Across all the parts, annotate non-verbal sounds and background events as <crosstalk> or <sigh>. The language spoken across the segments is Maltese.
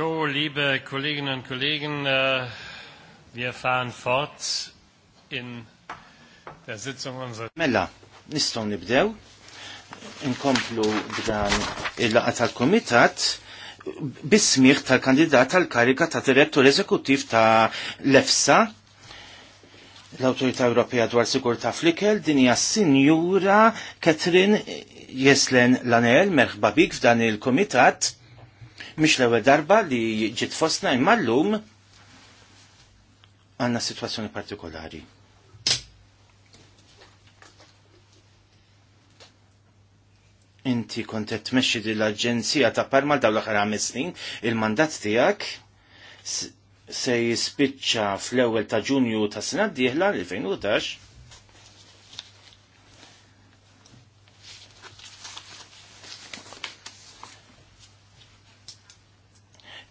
So, liebe Kolleginnen und Kollegen, äh, wir fahren fort in der Sitzung unserer... Mella, nistaw nibdew, inkomplu b'dan il-laqa tal-komitat, bismiħ tal-kandidat tal-karika ta' direttur eżekuttiv ta' l-EFSA, l autorita Ewropea dwar Sigurta Flikel, din hija Sinjura Katrin Jeslen Lanel, merħba bik f'dan il-komitat Mhix l-ewwel darba li ġiet fosna imma llum għandna sitwazzjoni partikolari. Inti kontet tmexxi din l-Aġenzija ta' Parma daw l-aħħar ħames snin, il-mandat tiegħek se jispiċċa fl-ewwel ta' Ġunju ta' sena d-dieħla l-2011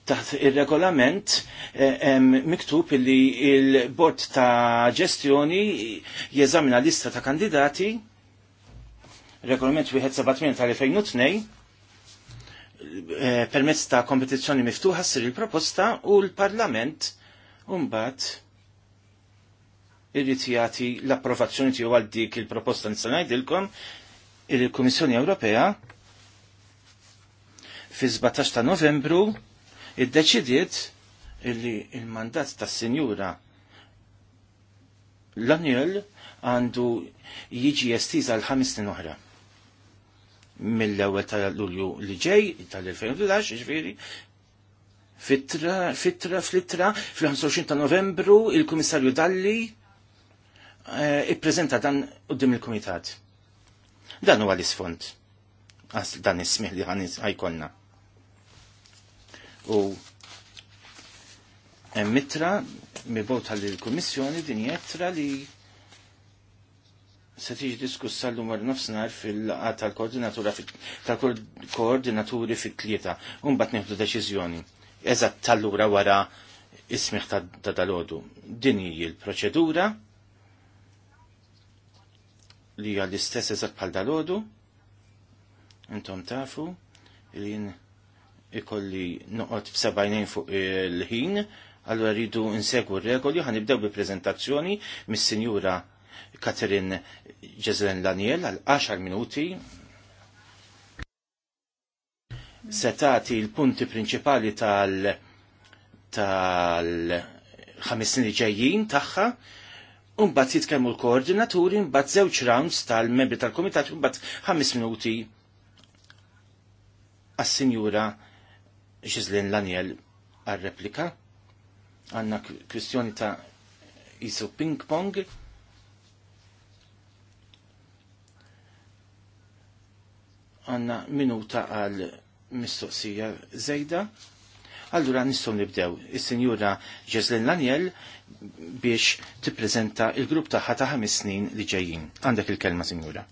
taħt il-regolament eh, miktub li il-bord ta' ġestjoni jeżamina lista ta' kandidati, regolament 178 tal-2002, eh, permezz ta' kompetizzjoni miftuħa sir il-proposta u l-Parlament umbat irrid jagħti l-approvazzjoni tiegħu għal dik il-proposta nista' ngħidilkom il-Kummissjoni Ewropea fi 17 ta' Novembru iddeċidiet illi il-mandat tas-Sinjura l-Anjel għandu jiġi estiż għal ħames snin oħra. Mill-ewwel ta' Lulju li ġej tal 2012 ġviri, fitra, fitra, flitra, fil-25 ta' novembru, il-Komissarju Dalli eh, ippreżenta dan qudiem il-Kumitat. Dan huwa l-isfond għas dan ismiħ li ħajkolna u emmitra bota li l-Komissjoni din jettra li se tiġi diskussa l-lum nofsnar fil-laqa tal-koordinaturi fit-tlieta, bat neħdu deċizjoni. Eżat tal-lura wara ismiħ ta' dal-ħodu. Din hi l-proċedura li għal l-istess eżat bħal dal intom tafu, li jien ikolli noqgħod b'sebajnejn fuq il-ħin, għallu rridu nsegwu r-regoli, ħanibdew bi prezentazzjoni mis-Sinjura Katerin Ġezren Laniel għal 10 minuti setati l-punti prinċipali tal- tal ħames snin ġejjin tagħha mbagħad jitkellmu l-koordinaturi, mbagħad żewġ rounds tal-membri tal-komitat, mbagħad ħames minuti għas-sinjura Xizlin Laniel għal-replika. Għanna kwistjoni ta' jisu ping-pong. Għanna minuta għal-mistoqsija zejda. Allura nistgħu nibdew. Is-Sinjura Ġeslin Laniel biex tippreżenta il-grupp tagħha ta' ħames snin li ġejjin. Għandek il-kelma, Sinjura.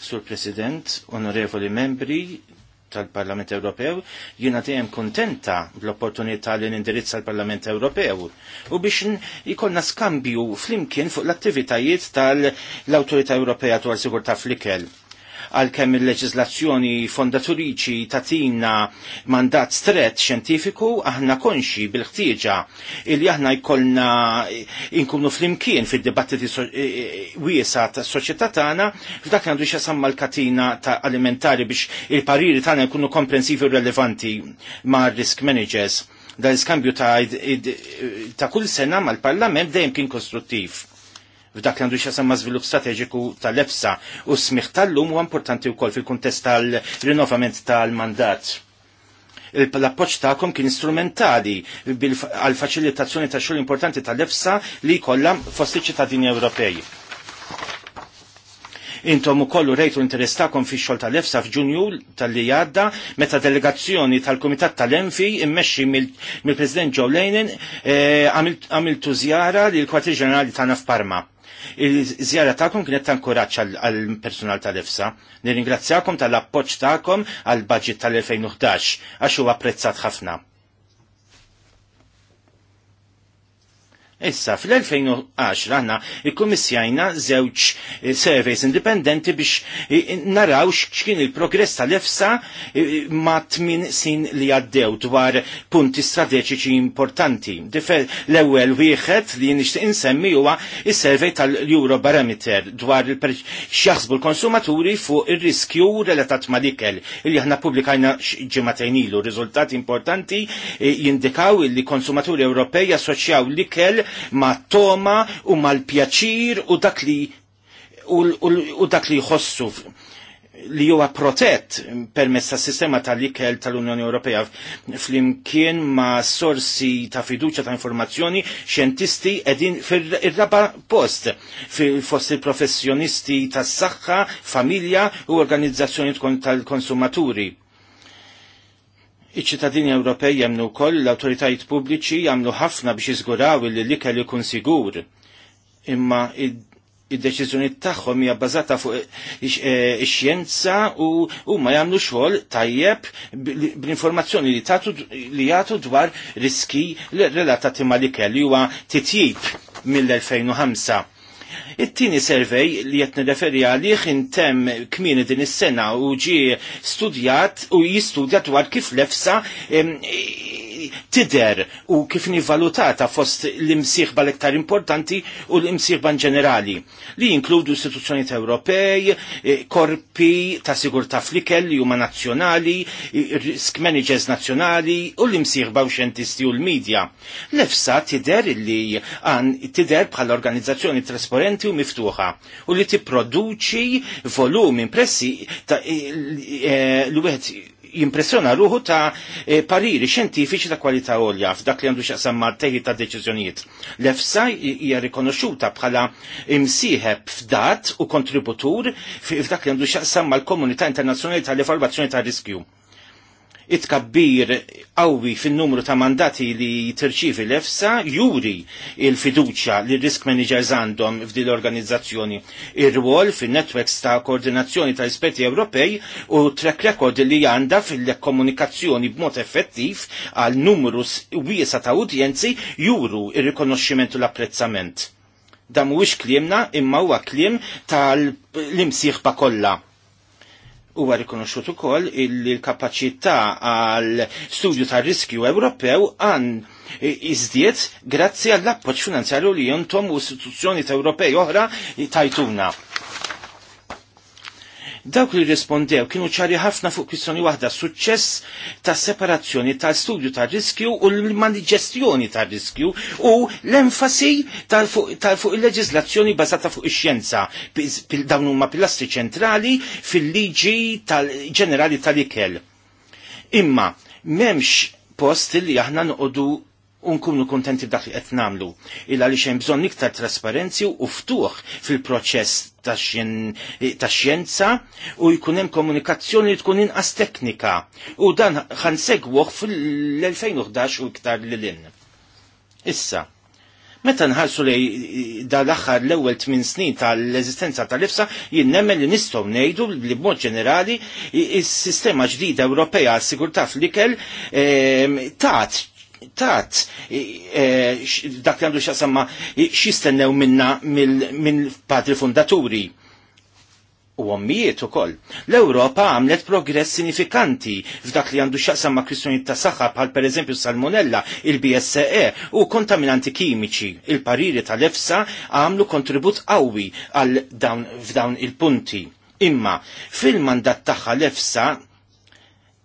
Sur President, onorevoli membri tal-Parlament Ewropew, jiena dejjem kontenta bl-opportunità li nindirizza l-Parlament Ewropew u biex ikonna skambju flimkien fuq l-attivitajiet tal-Awtorità Ewropea dwar Sigurtà fl-ikel għalkemm il-leġislazzjoni fondaturiċi tatina mandat stret xjentifiku aħna konxi bil-ħtieġa il aħna jkollna inkunu flimkien fil dibattiti e- e- e- wiesa tas soċjetà tagħna f'dak għandu x'jasam l katina ta' alimentari biex il-pariri tagħna jkunu komprensivi u relevanti ma' risk managers Da' iskambju ta', ta kull sena mal-parlament dejjem kien kostruttiv f'dak li għandu xasamma zvilup strateġiku tal-EFSA u smiħ tal-lum huwa importanti wkoll fil-kuntest tal-rinnovament tal-mandat. L-appoċ ta'kom kien strumentali għal faċilitazzjoni ta' xogħol importanti tal-EFSA li kollha fost ċittadini Ewropej. Intom ukoll rejtu interess tagħkom fix-xogħol tal-EFSA f'Ġunju tal-li għadda meta delegazzjoni tal-Kumitat tal-Enfi immexxi mill-President Joe Lenin eh, għamiltu żjara lill-Kwartier Ġenerali tagħna f'Parma Il-żjara tagħkom kienet ta' għall-personal tal-EFSA. Nirringrazzjakom tal-appoġġ tagħkom għall-budget tal-2011 għax huwa apprezzat ħafna. Issa, fl-2010 aħna ikkomissjajna żewġ eh, surveys indipendenti biex eh, naraw x'kien il-progress tal-EFSA eh, ma' tmin sin li għaddew dwar punti strateġiċi importanti. Difer l-ewwel wieħed li nixtieq insemmi huwa is-survey tal-Eurobarometer dwar x'jaħsbu l-konsumaturi fuq ir-riskju relatat ma' il li aħna pubblikajna ġimagħtejn ilu. Riżultati importanti jindikaw li konsumaturi Ewropej assoċjaw l-ikel ma' toma u mal-pjaċir u dak li u, u, u dak li jħossu li huwa protett permezz tas sistema tal-ikel tal-Unjoni Ewropea flimkien ma' sorsi ta' fiduċa ta' informazzjoni xjentisti edin fir raba post fil-fost il-professjonisti tas saħħa familja u organizzazzjoni tal-konsumaturi. Iċ-ċittadini Ewropej jemnu wkoll l-awtoritajiet pubbliċi jagħmlu ħafna biex jiżguraw li l-ikel ikun sigur. Imma id deċizjoni tagħhom hija bbażata fuq e, ix-xjenza u huma jagħmlu xogħol tajjeb bl-informazzjoni li tagħtu li jagħtu dwar riski relatati mal-ikel li huwa titjib mill-2005 It-tieni servej li qed nirreferi għalih intemm kmieni din is-sena u ġie studjat u jistudjat dwar kif lefsa tider u kif nivalutata fost l-imsieħba l-iktar importanti u l-imsieħba ġenerali li jinkludu istituzzjonijiet Ewropej, eh, korpi ta' sigurta flikel li huma nazzjonali, eh, risk managers nazzjonali u l imsiħ u xjentisti u l-medja. Nefsa tider li għan tider bħal organizzazzjoni trasparenti u miftuħa u li tipproduċi volum impressi ta' eh, l-wieħed jimpressjona ruħu ta' e, pariri xjentifiċi ta' kwalità għolja f'dak li għandu xaqsam marteħi ta' deċiżjonijiet. L-EFSA hija rikonoxuta bħala imsieħeb f'dat u kontributur f'dak li għandu xaqsam mal-komunità internazzjonali tal-evalvazzjoni ta' riskju it-kabbir qawwi fin-numru ta' mandati li tirċivi l-EFSA juri il-fiduċja li risk managers għandhom f'din l-organizzazzjoni. Ir-rwol fin-networks ta' koordinazzjoni ta' esperti Ewropej u track record li għandha fil-komunikazzjoni b'mod effettiv għal numru wiesa ta' udjenzi juru il rikonoxximent u l-apprezzament. Dan mhuwiex kliemna imma huwa kliem tal-imsieħba kollha huwa rikonoxxut ukoll il l-kapaċità għal studju tar riskju Ewropew għan iżdiet grazzi għall appoġġ finanzjarju li jontom u istituzzjoni Ewropej oħra tajtuna. Dawk li rispondew kienu ċari ħafna fuq kwistjoni waħda, suċċess ta' separazzjoni tal-studju ta' riskju u l-maniġestjoni ta' riskju u l-enfasi tal-fuq il-leġizlazzjoni bazata fuq ix-xjenza. Dawn huma pilastri ċentrali fil-liġi ġenerali tal-ikel. Imma, memx post li aħna noqogħdu unkunu kontenti b'dak li qed nagħmlu. Illa li xejn bżonn iktar trasparenzi u ftuħ fil-proċess tax xjenza u jkun hemm komunikazzjoni li tkun inqas teknika. U dan ħansegwuh fil-2011 u iktar lil in. Issa, meta nħarsu li dal-axar l ewwel tmien snin tal-eżistenza tal-ifsa, nemmen li nistgħu ngħidu li b'mod ġenerali is-sistema ġdida Ewropea għas-sigurtà fl-ikel ehm, tat tat e, dak li għandu xasamma xistennew minna mill-patri fundaturi u għommijiet u koll. L-Europa għamlet progress sinifikanti f'dak li għandu xaqsam ma' kwistjoni ta' saħħa bħal per eżempju salmonella, il-BSE e u kontaminanti kimiċi. Il-pariri tal-EFSA għamlu kontribut qawwi għal f'dawn il-punti. Imma fil-mandat tagħha l-EFSA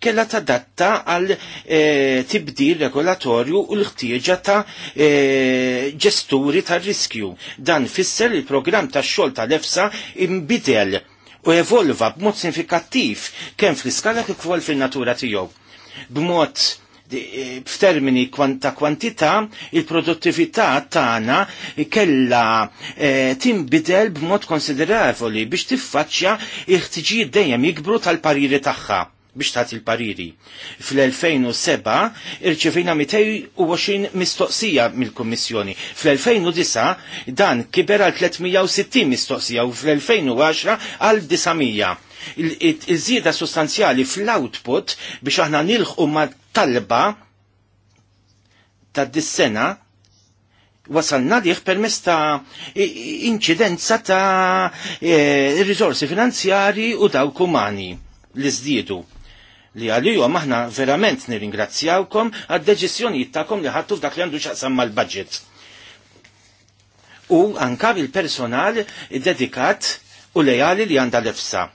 kella tadatta għal eh, tibdil regolatorju u l-ħtieġa ta' eh, ġesturi tar riskju. Dan fisser il-programm ta' xol tal-EFSA imbidel u evolva b'mod sinifikattiv kemm fl-iskala kif ukoll fin-natura tiegħu. B'mod eh, f'termini ta' kwantità, il-produttività tagħna kella e, timbidel b'mod konsiderevoli biex tiffaċċja il-ħtiġijiet dejjem jikbru tal-pariri tagħha biex taħt il pariri Fl-2007 irċevina 220 mistoqsija mill-Kummissjoni. Fl-2009 dan kiber għal 360 mistoqsija u fl-2010 għal 900. Iż-żieda sostanzjali fl-output biex aħna nilħu ma talba ta' dis-sena wasalna liħ permess ta' inċidenza ta' e, risorsi finanzjari u dawk umani li żdiedu li għalijom aħna verament nir-ingrazzjawkom għad deġizjoni jittakom li ħattu f'dak li għandu xaqsam mal-budget. U anka il-personal dedikat u lejali li għanda l-efsa.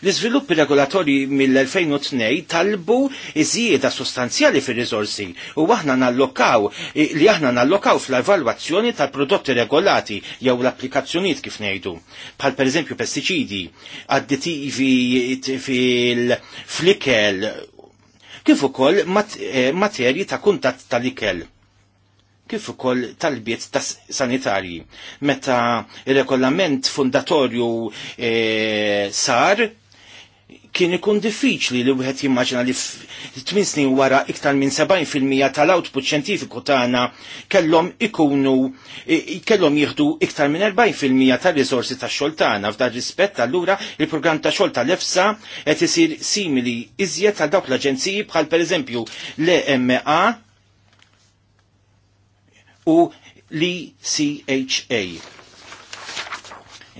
L-iżviluppi regolatorji mill-2002 talbu iżjieda sostanzjali fir rizorsi u aħna nallokaw li aħna nallokaw fl-evalwazzjoni tal-prodotti regolati jew l-applikazzjonijiet kif ngħidu. Bħal pereżempju pestiċidi, additivi fil-flikel, kif ukoll eh, materji ta' kuntatt tal-ikel kif ukoll talbiet ta' sanitarji. Meta regolament fundatorju e, sar, kien ikun diffiċli li wieħed jimmaġina li tmien snin wara iktar minn 70% tal-output xjentifiku tagħna kellhom ikunu kellhom jieħdu iktar minn 40% tal-riżorsi tax-xogħol tagħna f'dan rispett allura il-programm ta' xogħol tal-EFSA qed isir simili iżjed tal dawk l-aġenziji bħal pereżempju l-EMA u l-CHA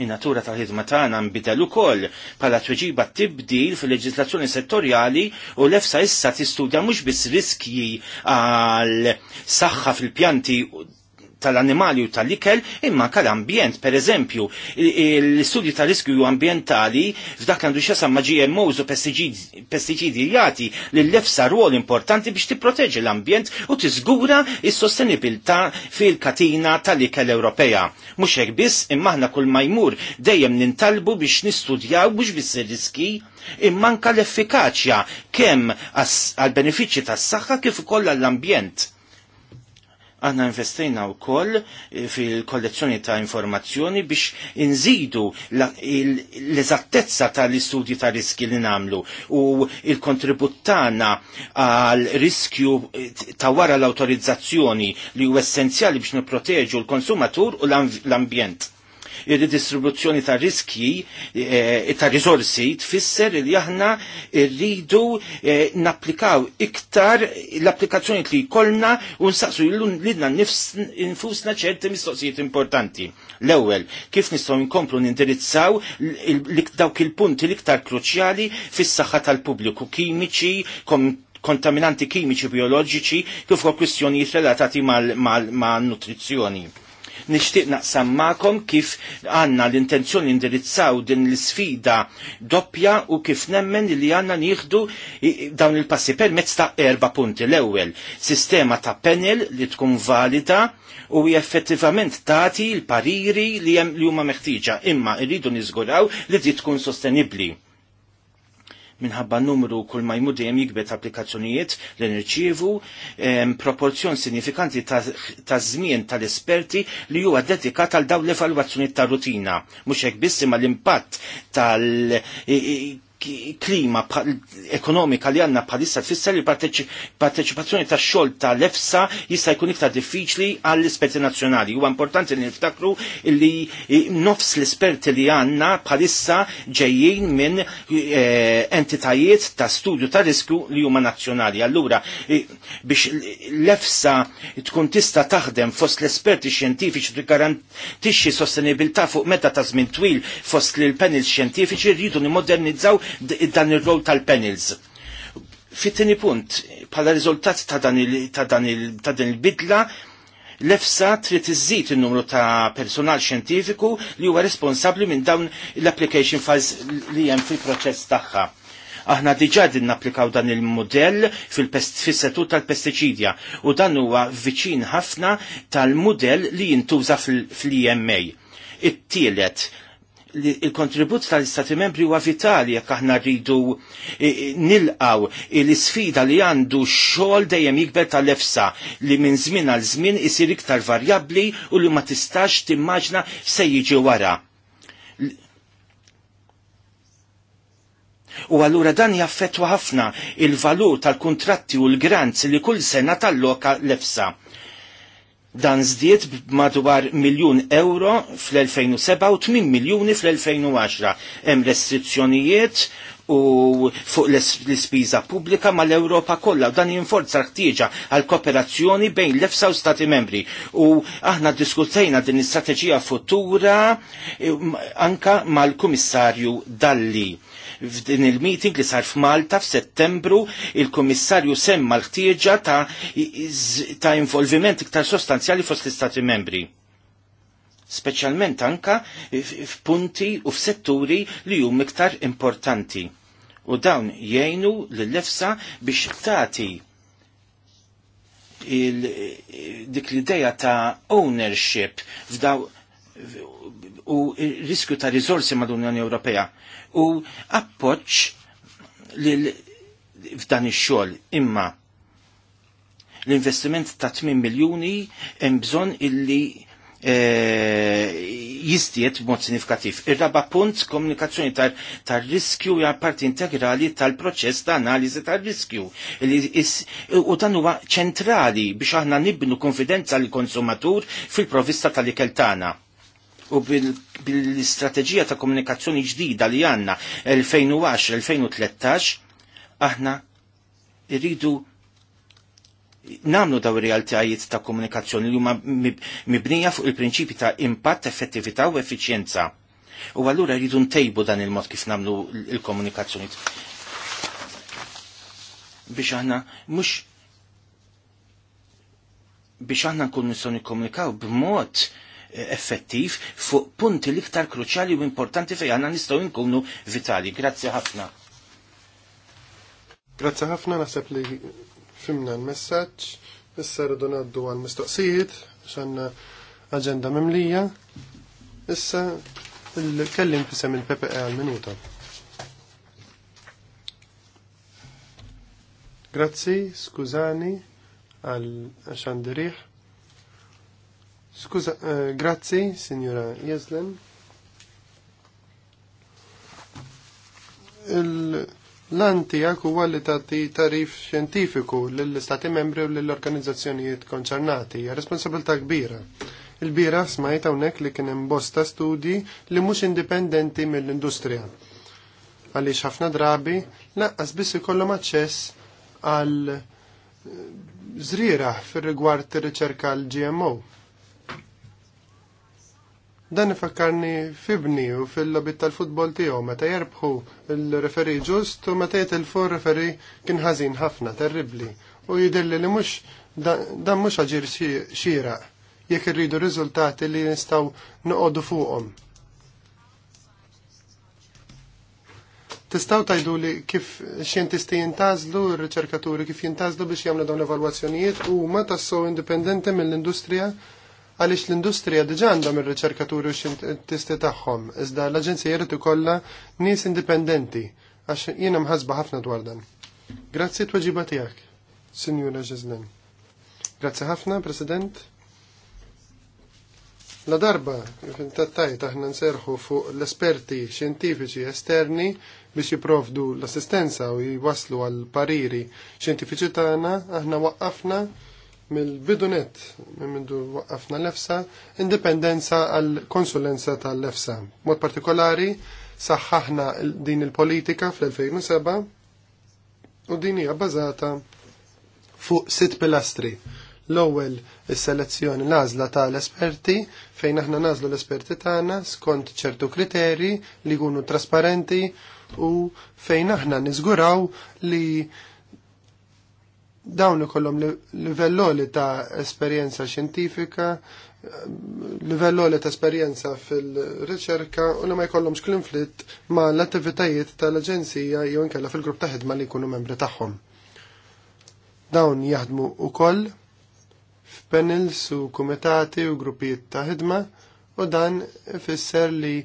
in-natura tal-ħidma tagħna nbidel ukoll bħala tweġiba tibdil fil-leġislazzjoni settorjali u l-efsa issa tistudja mhux biss riskji għal saħħa fil-pjanti tal-animali u tal-ikel imma kal-ambjent. Per eżempju, l istudji tal-riskju ambientali f'dak għandu xasam ma' GMOs u pesticidi jati li l-lefsa ruol importanti biex tipproteġi l-ambjent u tiżgura is-sostenibilità fil-katina tal-ikel Ewropea. Mhux hekk biss imma kull majmur dejjem nintalbu biex nistudjaw mhux biss ir-riski imman l-effikaċja kemm għal benefiċċji tas-saħħa kif ukoll għall-ambjent Għanna investejna u koll eh, fil-kollezzjoni ta' informazzjoni biex inżidu l-eżattezza tal-istudji ta' riski li namlu u il-kontributtana għal riskju eh, ta' wara l-autorizzazzjoni li u essenzjali biex niproteġu l-konsumatur u l-ambjent il redistribuzzjoni ta' riski e, ta' risorsi tfisser li aħna rridu e, napplikaw iktar l-applikazzjoni li jkollna u nsaqsu l-lidna nifusna ċerti mistoqsijiet importanti. L-ewwel, kif nistgħu nkomplu nindirizzaw dawk il-punti l-iktar kruċjali fis-saħħa tal-pubbliku, kimiċi, kontaminanti kimiċi bioloġiċi kif ukoll kwistjonijiet relatati mal-nutrizzjoni. mal, mal Nixtieq naqsam kif għandna l-intenzjoni indirizzaw din l-sfida doppja u kif nemmen li għandna nieħdu dawn il-passi permezz ta' erba punti. L-ewwel, sistema ta' panel li tkun valida u effettivament tagħti l-pariri li huma meħtieġa, imma irridu niżguraw li di tkun sostenibbli minħabba numru kull ma jmur dejjem jikbet applikazzjonijiet li nirċievu proporzjon sinifikanti ta' żmien tal-esperti li huwa dedikat għal dawn l-evalwazzjoni ta' rutina. Mhux hekk biss imma l-impatt tal- klima ekonomika li għanna bħalissa tfisser li parteċipazzjoni ta' xol ta' lefsa jista' jkun iktar diffiċli għall esperti nazzjonali. Huwa importanti li niftakru li nofs l-esperti li għanna bħalissa ġejjin minn eh, entitajiet ta' studju ta' risku li huma nazzjonali. Allura eh, biex lefsa tkun tista' taħdem fost l-esperti xjentifiċi tigarantixxi sostenibilità fuq meta ta' żmien twil fost l-panel xjentifiċi rridu nimmodernizzaw dan ir-rol tal-panels. Fit-tieni punt, bħala riżultat ta' dan il-bidla, l-EFSA trid iżżid in-numru ta' personal xjentifiku li huwa responsabbli minn dawn l-application files li hemm fil-proċess tagħha. Aħna diġà din napplikaw dan il-modell fil-settur tal-pestiċidja u dan huwa viċin ħafna tal-modell li jintuża fl-EMA. It-tielet, il-kontribut tal-Istati membri huwa vitali jekk aħna rridu e, e, nilqaw l-isfida li għandu xogħol dejjem jikber tal-efsa li minn żmien għal żmien isir iktar varjabbli u li ma tistax timmaġna se jiġi wara. U allura dan jaffettwa ħafna il-valur tal-kontratti u l-grants li kull sena tal-loka l-efsa Dan zdiet madwar miljun euro fl-2007 u 8 miljuni fl-2010. Hemm restrizzjonijiet u fuq l-ispiża pubblika mal-Ewropa kollha u dan jinforza ħtieġa għal kooperazzjoni bejn l-EFSA u Stati membri. U aħna diskutejna din l-istrateġija futura e, anka mal-Kummissarju Dalli F'din il-meeting li sar f'Malta f'Settembru il-Komissarju semma l-ħtieġa ta', ta involviment iktar sostanzjali fost l-Istati membri speċjalment anka f'punti u f'setturi li hum iktar importanti. U dawn jgħinu l-lefsa biex tagħti dik l-ideja ta' ownership f'daw u riskju ta' rizorsi mal-Unjoni Ewropea u appoċ f'dan ix-xogħol imma l-investiment ta' 8 miljuni hemm bżonn illi eh, jistiet b'mod sinifikattiv. Ir-raba punt komunikazzjoni tar-riskju hija parti integrali tal-proċess ta' analiżi tar-riskju. U dan huwa ċentrali biex aħna nibnu konfidenza l konsumatur fil-provista tal-ikel tagħna u bil-istrateġija ta' komunikazzjoni ġdida li għanna 2010-2013 aħna irridu namlu daw realtajiet ta' komunikazzjoni li huma mibnija fuq il-prinċipi ta' impatt, effettività u effiċjenza. U allura rridu ntejbu dan il-mod kif namlu il-komunikazzjoni. Biex aħna mhux biex aħna nkun nistgħu nikkomunikaw b'mod effettiv fuq punti l-iktar kruċjali u importanti fejn għanna nistgħu nkunu vitali. Grazzi ħafna. Grazzi ħafna naħseb li fimna l-messaġġ. Issa rridu ngħaddu għal mistoqsijiet x'għandna aġenda mimlija. Issa l-kellim fisem il-PPE għal-minuta. Grazzi, skużani, għal xandiriħ. Skuza, uh, grazzi, signora Jeslen. L-antijak huwa li tagħti tarif xjentifiku lill-istati membri u lill-organizzazzjonijiet konċernati, hija responsabilità kbira. Il-bira smajt hawnhekk li kien hemm bosta studi li mhux indipendenti mill-industrija. Għaliex ħafna drabi laqqas biss ikollhom aċċess għal zrira eh, fir-rigward ir-riċerka l-GMO Dan ifakkarni fibni u fil-lobit tal-futbol tiegħu meta jerbħu l-referi ġust u meta jitilfu referi kien ħażin ħafna terribli u jidilli li mhux dan mhux aġir xieraq jekk irridu riżultati li nistgħu noqogħdu fuqhom. Tistaw tajdu li kif xjentisti jintazlu, r-riċerkaturi kif jintazlu biex jamlu dawn l-evalwazzjonijiet u ma tassu indipendenti mill-industrija għaliex l-industrija diġà għandhom ir-riċerkaturi u xintisti tagħhom, iżda l-aġenzija jrid ikollha nies indipendenti għax jiena mħasba ħafna dwar dan. Grazzi t-tweġiba tiegħek, Sinjura Ġeżlen. Grazzi ħafna, President. La darba, tattajt aħna nserħu fuq l-esperti xjentifiċi esterni biex jiprovdu l-assistenza u jiwaslu għal pariri xjentifiċi tagħna aħna waqqafna mill-bidunet mindu waqqafna l-EFSA indipendenza għal konsulenza tal-EFSA. Mod partikolari saħħaħna din il-politika fl-2007 u din hija bbażata fuq sitt pilastri. L-ewwel is-selezzjoni l-għażla tal-esperti fejn aħna nażlu l-esperti tagħna skont ċertu kriteri li jkunu trasparenti u fejn aħna niżguraw li dawn ikollhom livelloli ta' esperjenza xjentifika, livelloli ta' esperjenza fil-riċerka u li ma jkollhomx klinflitt ma' l-attivitajiet tal-aġenzija jew inkella fil-grupp ta' ħidma li jkunu membri tagħhom. Dawn jaħdmu ukoll f'panels u kumitati u gruppijiet ta' ħidma u dan ifisser li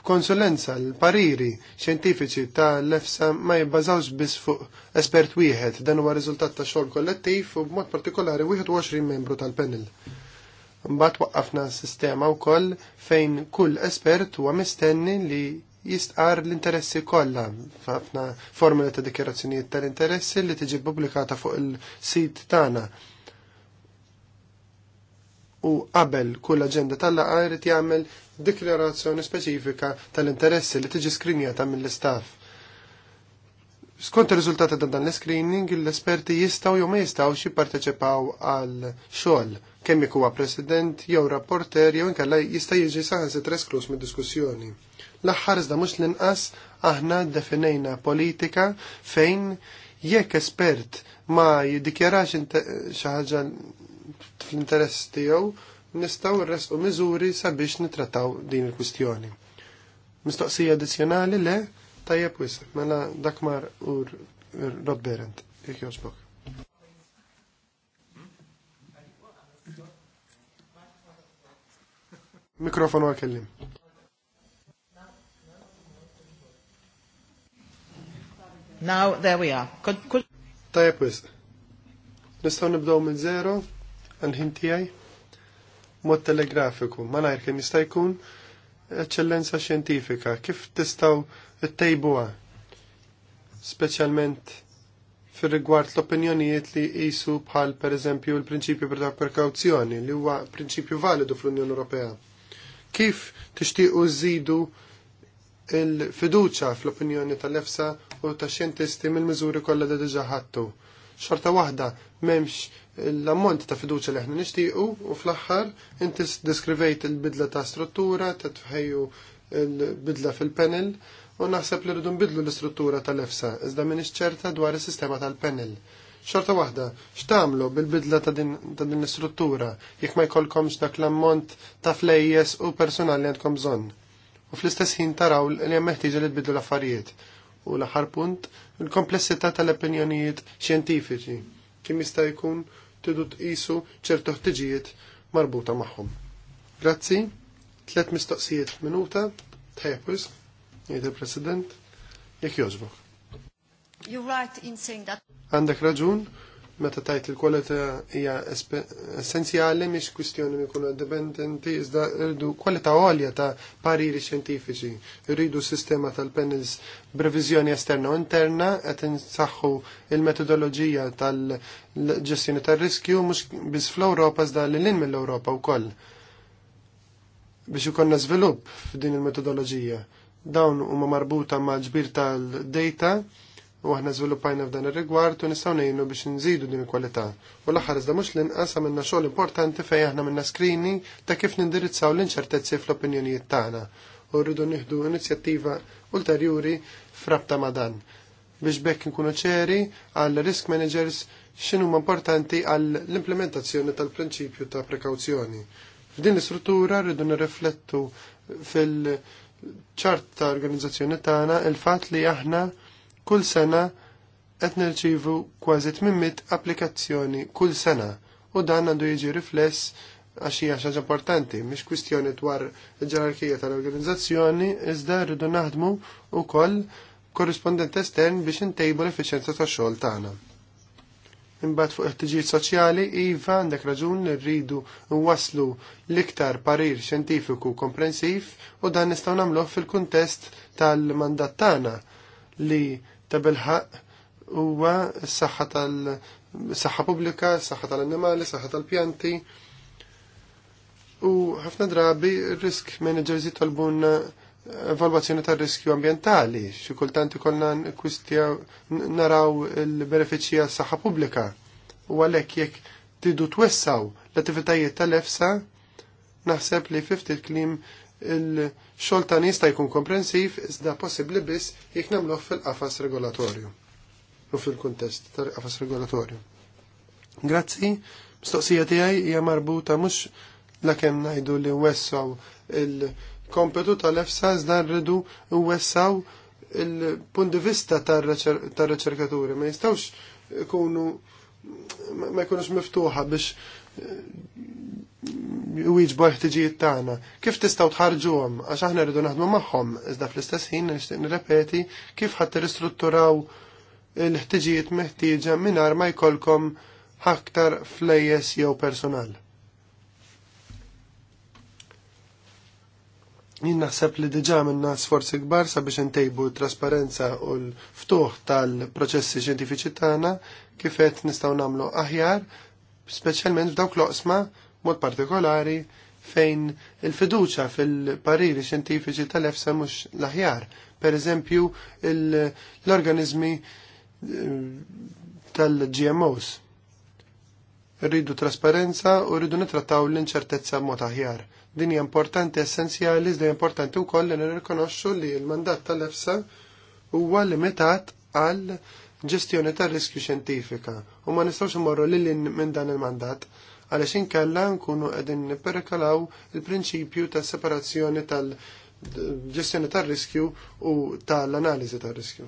B'konsulenza l-pariri xjentifiċi tal-EFSA ma jibbażawx biss fuq espert wieħed dan huwa riżultat ta' xogħol kollettiv u b'mod partikolari 21 membru tal-panel. Mbagħad waqqafna sistema wkoll fejn kull espert huwa mistenni li jistqar l-interessi kollha f'ħafna formula ta' dikjarazzjonijiet tal-interessi li tiġi pubblikata fuq il-sit tagħna u qabel kull aġenda tal-laqa jrid jagħmel dikjarazzjoni speċifika tal-interessi li tiġi skrinjata mill-istaff. Skont ir-riżultati ta' dan l-screening, l-esperti jistgħu jew ma jistgħux jipparteċipaw għal xogħol kemm jekk huwa president jew rapporter jew inkella jista' jiġi saħansi tresklus mid-diskussjoni. L-aħħar iżda mhux l-inqas aħna definejna politika fejn jekk espert ma jiddikjarax xi ħaġa fl-interess tiegħu nistgħu nresqu miżuri sabiex nitrattaw din il-kwistjoni. Mistoqsija addizzjonali le tajjeb wis mela dakmar u Rob Berend, jekk Mikrofonu għal-kellim. Now, there we are. Tajab wis. Nistaw nibdow minn zero, għal-ħin tiegħi mod telegrafiku ma kemm jista' jkun eċċellenza xjentifika kif tistgħu ttejbuha speċjalment fir-rigward l-opinjonijiet li qisu bħal pereżempju l-prinċipju ta' prekawzjoni li huwa prinċipju validu fl-Unjoni Ewropea. Kif tixtiequ żidu il-fiduċa fl-opinjoni tal-EFSA u tax xjentisti mill-miżuri kollha li diġà ħadtu xorta waħda m'hemmx l-ammont ta' fiduċa li ħna nixtiequ u fl-aħħar inti deskrivejt il-bidla ta' struttura, ta' tfħeju il-bidla fil-panel u naħseb li rridu nbidlu l-istruttura tal-EFSA iżda min ċerta dwar is-sistema tal-panel. Xorta waħda, xtamlu bil-bidla ta' din l-istruttura jekk ma jkollkomx dak l-ammont ta' flejjes u personali għandkom bżonn. U fl-istess ħin taraw li hemm meħtieġa li tbidlu l-affarijiet U l-aħħar punt, il-komplessità tal-opinjonijiet xjentifiċi kim jista' jkun tidu tqisu ċertu ħtiġijiet marbuta magħhom. Grazzi, tliet mistoqsijiet minuta, tħejpis, jgħid il-President, jekk jogħġbok. You're right in saying that. Għandek raġun meta tajt il-kwalità hija essenzjali mhix kwistjoni li jkunu dipendenti iżda rridu kwalità għolja ta' pariri xjentifiċi. Rridu sistema tal-panels b'reviżjoni esterna u interna qed insaħħu il-metodoloġija tal-ġestjoni tar-riskju mhux biss fl-Ewropa iżda lil mill-Ewropa wkoll biex ikonna żvilupp f'din il-metodoloġija. Dawn huma marbuta mal-ġbir tal-data u aħna żviluppajna f'dan ir-rigward u nistgħu ngħinu biex nżidu din il-kwalità. U l-aħħar iżda mhux l-inqas minna xogħol importanti fejn aħna minna screening ta' kif nindirizzaw l-inċertezzi fl-opinjonijiet tagħna u rridu nieħdu inizjattiva ulterjuri frabta ma' dan biex bekk nkunu ċeri għal risk managers x'inhu importanti għall l-implementazzjoni tal-prinċipju ta' prekawzjoni. F'din l-istruttura rridu nirriflettu fil-ċart ta' organizzazzjoni tagħna il-fatt li aħna Kull sena qed nirċivu kważi 800 applikazzjoni kull sena u dan għandu jiġi rifless għax hija xaġa importanti, mhix kwistjoni dwar il-ġerarkija tal-organizzazzjoni, iżda rridu naħdmu wkoll korrispondent estern biex intejbu l-effiċenza tax-xogħol tagħna. Imbagħad fuq it tiġijiet soċjali iva għandek raġun rridu nwasslu l-iktar parir xjentifiku komprensiv u dan nistgħu nagħmluh fil-kuntest tal-mandat tagħna li ta' bilħaq huwa s-saħħa tal-saħħa pubblika, s-saħħa tal-annimali, s-saħħa tal-pjanti. U ħafna drabi risk managers jitolbun eh, evalwazzjoni tal-riskju ambientali, xi kultant n kwistja naraw il-benefiċċji għas-saħħa pubblika. U għalhekk jekk tidu twessaw l-attivitajiet tal-EFSA, naħseb li 50 klim il-xol ta' jkun komprensiv iżda possibli biss jek nagħmluh fil-qafas regolatorju u fil kuntest tal-qafas regolatorju. Grazzi, mistoqsija tiegħi hija marbuta mhux lakemm ngħidu li wessaw il-kompetu tal-efsa iżda rridu wessaw il-punt vista tar-riċerkaturi ma jistawx ikunu ma jkunux miftuħa biex wieġbu ħtiġijiet tagħna. Kif tistgħu tħarġuhom għax aħna rridu naħdmu magħhom, iżda fl-istess ħin nixtieq nirrepeti kif ħadd tirristrutturaw il-ħtiġijiet meħtieġa mingħajr ma jkollkom aktar flejes jew personal. Jien naħseb li diġà minna sforzi kbar sabiex intejbu trasparenza u l-ftuħ tal-proċessi xjentifiċi tagħna kif qed nistgħu nagħmlu aħjar, speċjalment f'dawk l-oqsma mod partikolari fejn il-fiduċa fil-pariri xjentifiċi tal-efsa mhux l-aħjar. Per eżempju, l-organizmi eh, tal-GMOs. Rridu trasparenza u rridu nitrattaw l-inċertezza mod aħjar. Din hija importanti essenzjali, iżda importanti wkoll li nirrikonoxxu li l-mandat tal-efsa huwa limitat għal ġestjoni tar riskju xjentifika u ma nistgħux immorru lil minn dan il-mandat għaliex inkella nkunu qegħdin perakalaw il-prinċipju ta' separazzjoni tal-ġestjoni tar-riskju u tal-analiżi tar-riskju.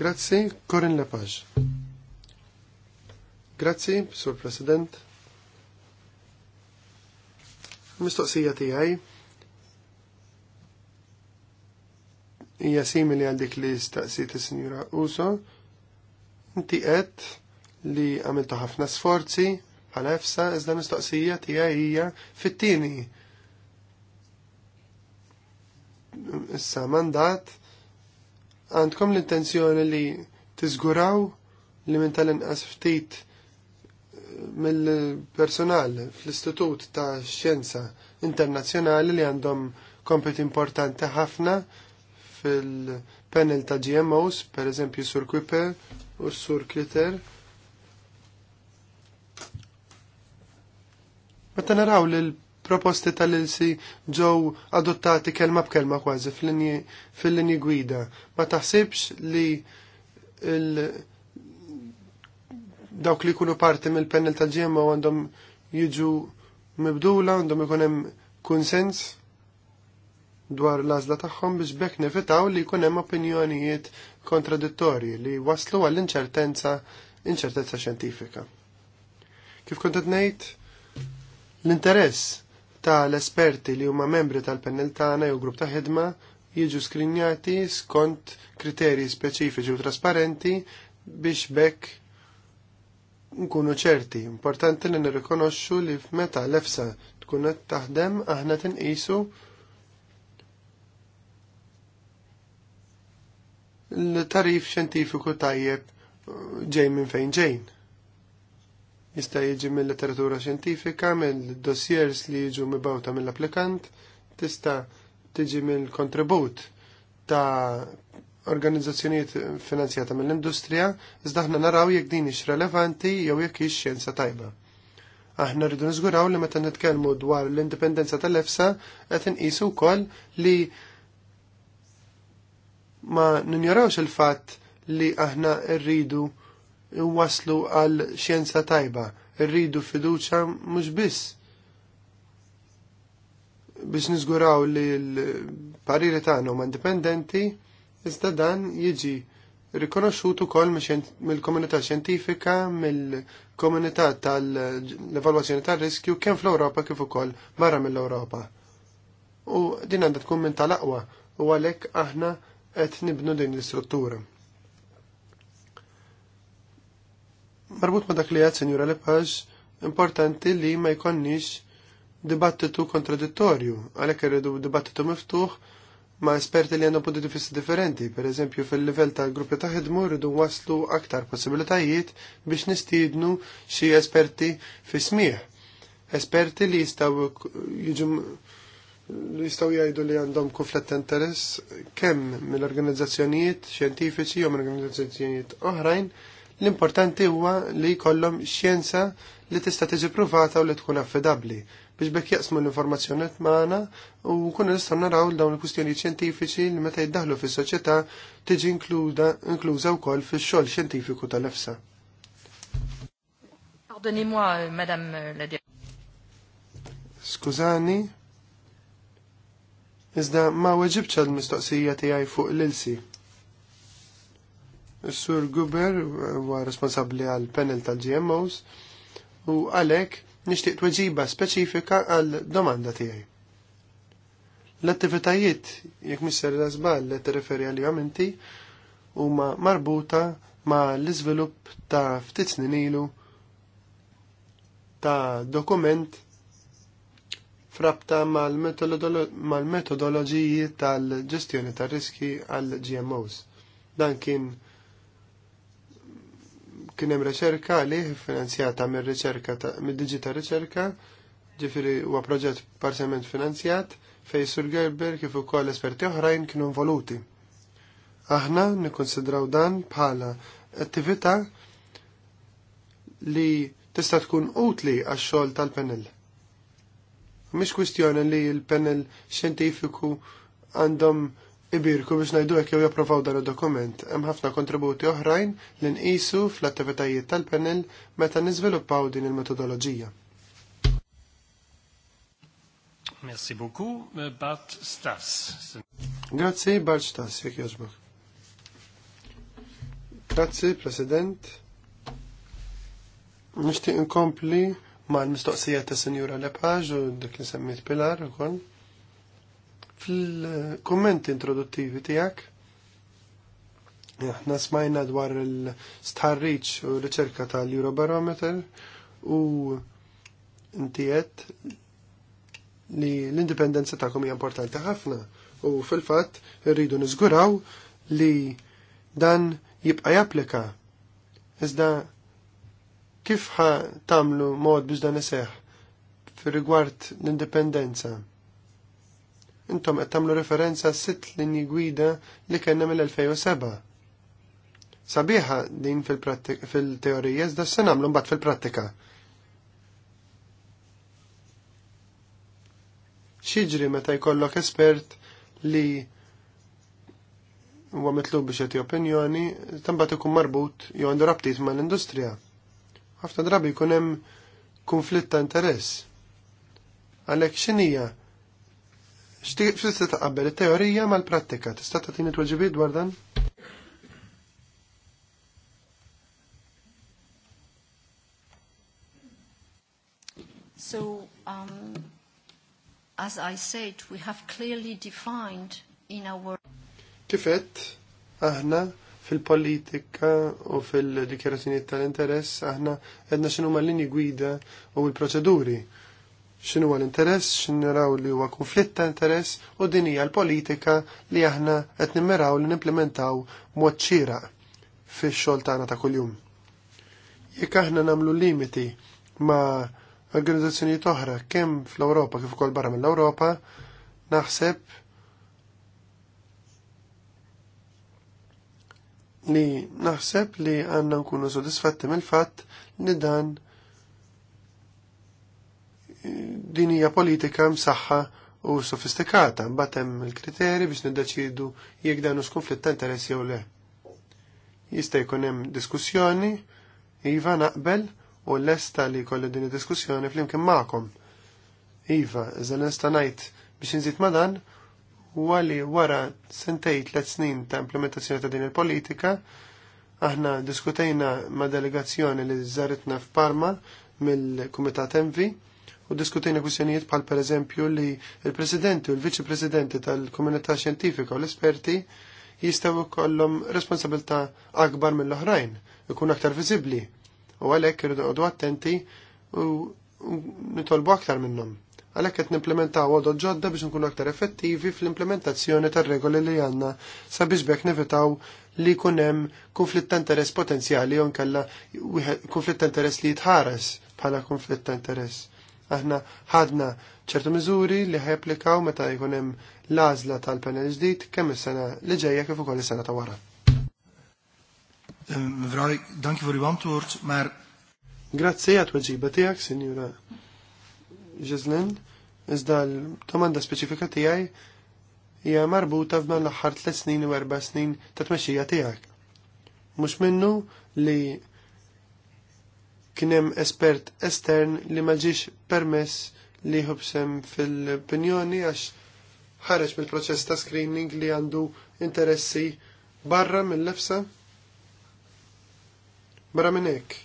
Grazzi, Corin Lepage. Grazzi, Sur President. Mistoqsija tiegħi. hija simili għal dik li staqsi is-Sinjura Uso. Inti għed li għamiltu ħafna sforzi bħala efsa iżda mistoqsija tiegħi hija fit-tieni. Issa mandat għandkom l-intenzjoni li tiżguraw li minn tal-inqas ftit eh, mill-personal fl-Istitut ta' Xjenza Internazzjonali li għandhom kompet importanti ħafna fil-panel ta' GMOs, per eżempju Sur Kuiper u Sur Kriter Meta naraw li l-proposti tal-ilsi ġew adottati kelma b'kelma kważi fil-linji gwida, ma taħsibx li dawk li jkunu parti mill-panel tal-ġemma għandhom jiġu mibdula, għandhom ikun hemm kunsens dwar l għażla tagħhom biex bekk nifitaw li jkun hemm opinjonijiet kontradittorji li waslu għall-inċertenza inċertezza xjentifika. Kif kont qed ngħid, L-interess tal-esperti li huma membri tal-panel tagħna jew grupp ta' ħidma jiġu skrinjati skont kriterji speċifiċi u trasparenti biex bekk nkunu ċerti. Importanti li nirrikonoxxu li f'meta l-efsa tkun qed taħdem aħna tinqisu l-tarif xjentifiku tajjeb ġej minn fejn ġejn jista' jiġi mill letteratura xjentifika, mill-dossiers li jiġu mibawta mill-applikant, tista' tiġi mill-kontribut ta' organizzazzjonijiet finanzjata mill-industrija, iżda aħna naraw jekk din ix relevanti jew jekk hix xjenza tajba. Aħna rridu niżguraw li meta nitkellmu dwar l-indipendenza tal-EFSA qed inqisu wkoll li ma ninjorawx il-fatt li aħna rridu waslu għal xjenza tajba. rridu fiduċa mhux biss biex niżguraw li l-pariri tagħna huma indipendenti, iżda dan jiġi rikonoxxut ukoll mill-komunità xjentifika, mill-komunità tal-evalwazzjoni tar-riskju kemm fl-Ewropa kif ukoll barra mill-Ewropa. U din għandha tkun minn tal-aqwa u għalhekk aħna qed nibnu din l-istruttura. Marbut ma dak li għad, Senjura Lepaġ, importanti li ma jkonnix dibattitu kontradittorju, għalhekk rridu dibattitu miftuħ ma' esperti li għandhom punti fissi differenti, per eżempju fil-livell ta' gruppi ta' ħidmu rridu waslu aktar possibilitajiet biex nistiednu xi esperti fi smieħ. Esperti li jistaw jiġu li jistaw jgħidu li għandhom ta' interess kemm mill-organizzazzjonijiet xjentifiċi jew mill-organizzazzjonijiet oħrajn. Oh L-importanti huwa li jkollhom xjenza li tista' tiġi pruvata u li tkun affidabbli biex bekk jaqsmu l-informazzjoni magħna u kunna nistgħu naraw dawn il-kwistjonijiet xjentifiċi li meta jiddaħlu fis-soċjetà tiġi inkluża wkoll fix-xogħol xjentifiku tal-efsa. Pardonnez-moi, euh, Madame euh, la Skużani, iżda ma weġibċa l-mistoqsija tiegħi fuq l-ilsi. Sur Guber huwa responsabbli għal panel tal-GMOs u għalhekk nixtieq tweġiba speċifika għal domanda tiegħi. L-attivitajiet jekk misser l li tirreferi għalihom inti huma marbuta ma' l-iżvilupp ta' ftit snin ilu ta' dokument frabta mal-metodoloġiji mal metodoloġiji tal ġestjoni tar riski għal-GMOs. Dan kien Kien hemm riċerka li finanzjata mir-riċerka mid-diġita riċerka, ġifieri huwa proġett parzjament finanzjat fej Sur Gerber kif ukoll esperti oħrajn kienu involuti. Aħna nikkonsidraw dan bħala attività li tista' tkun utli għax-xogħol tal-panel. Mhix kwistjoni li l-panel xjentifiku għandhom ibirku biex najdulek jew japprovaw dan id-dokument. Hemm ħafna kontributi oħrajn li nqisu fl-attivitajiet tal-panel meta niżviluppaw din il-metodoloġija. Merci beaucoup, euh, Bart Stas. Grazie, Bart Stas, jek joġbok. Grazie, President. Nishtiq inkompli ma' l-mistoqsija ta' Senjura Lepaġ u dik li semmiet Pilar u fil komment introduttivi tijak, aħna smajna dwar il-starriċ u riċerka tal-Eurobarometer u intijet li l-indipendenza ta'kom hija importanti ħafna u fil-fatt irridu niżguraw li dan jibqa' japplika. Iżda kif ħa tamlu mod biex dan iseħħ fir rigward l-indipendenza? intom qed tagħmlu referenza sitt linji gwida li kellna mill-2007. Sabiħa din fil-teorija iżda se nagħmlu mbagħad fil-prattika. Xiġri meta jkollok espert li huwa mitlub biex jagħti opinjoni, tambagħad ikun marbut jew għandu rabtiet mal-industrija. Ħafna drabi jkun hemm konflitt ta' interess. Għalhekk x'inhija X'tista taqabbel it-teorija mal-prattika, tista' tagħtini tweġibiet dwar dan? So, um, as I said, we have clearly defined in our... Kifet, aħna fil-politika u fil-dikjerazzjoni tal-interess, aħna edna xinu ma l-lini gwida u l-proċeduri x'inhu l-interess, x'niraw li huwa konflitt ta' interess u din hija l-politika li aħna qed nimmiraw li nimplementaw mod xieraq fix-xogħol tagħna ta' kuljum. Jekk aħna nagħmlu limiti ma' organizzazzjonijiet oħra kemm fl-Ewropa kif ukoll barra mill-Ewropa, naħseb li naħseb li għandna nkunu sodisfatti mill-fatt li dan din hija politika msaħħa u sofistikata, mbagħad hemm il-kriterji biex niddeċidu jekk dan hux konflitt ta' interess jew le. Jista' jkun hemm diskussjoni, iva naqbel u lesta li jkolli din id-diskussjoni flimkien magħkom. Iva, iżda nista' ngħid biex inżid ma' dan huwa li wara sentej tliet snin ta' implementazzjoni ta' din il-politika, aħna diskutejna ma' delegazzjoni li żaritna f'Parma mill-Kumitat Envi u diskutejna kwistjonijiet bħal pereżempju li l-Presidenti u l-Viċi-Presidenti tal-Komunità Xjentifika u l-Esperti jistgħu jkollhom responsabilità akbar mill-oħrajn, ikun aktar viżibbli u għalhekk irridu attenti u nitolbu aktar minnhom. Għalhekk qed nimplementaw għodod ġodda biex nkunu aktar effettivi fl-implementazzjoni tar-regoli li għandna sabiex bekk nevitaw li jkun hemm konflitt ta' interess potenzjali jew nkella konflitt ta' interess li jitħares bħala konflitt ta' interess. Aħna ħadna ċertu miżuri li ħajapplikaw meta jkun hemm l-għażla tal-panel ġdid kemm is-sena li ġejja kif ukoll is-sena ta' wara. Mevrouw, dank voor uw antwoord, maar... għat weġiba tijak, signora Gislen. Iżda l-domanda specifika tijaj hija marbuta f'dan l-aħħar tliet snin u erba' snin ta' tmexxija tiegħek. Mhux minnu li kienem espert estern li maġiġ permess li jħobsem fil-opinjoni għax ħareġ mill-proċess ta' screening li għandu interessi barra mill-lefsa? Barra minn hekk.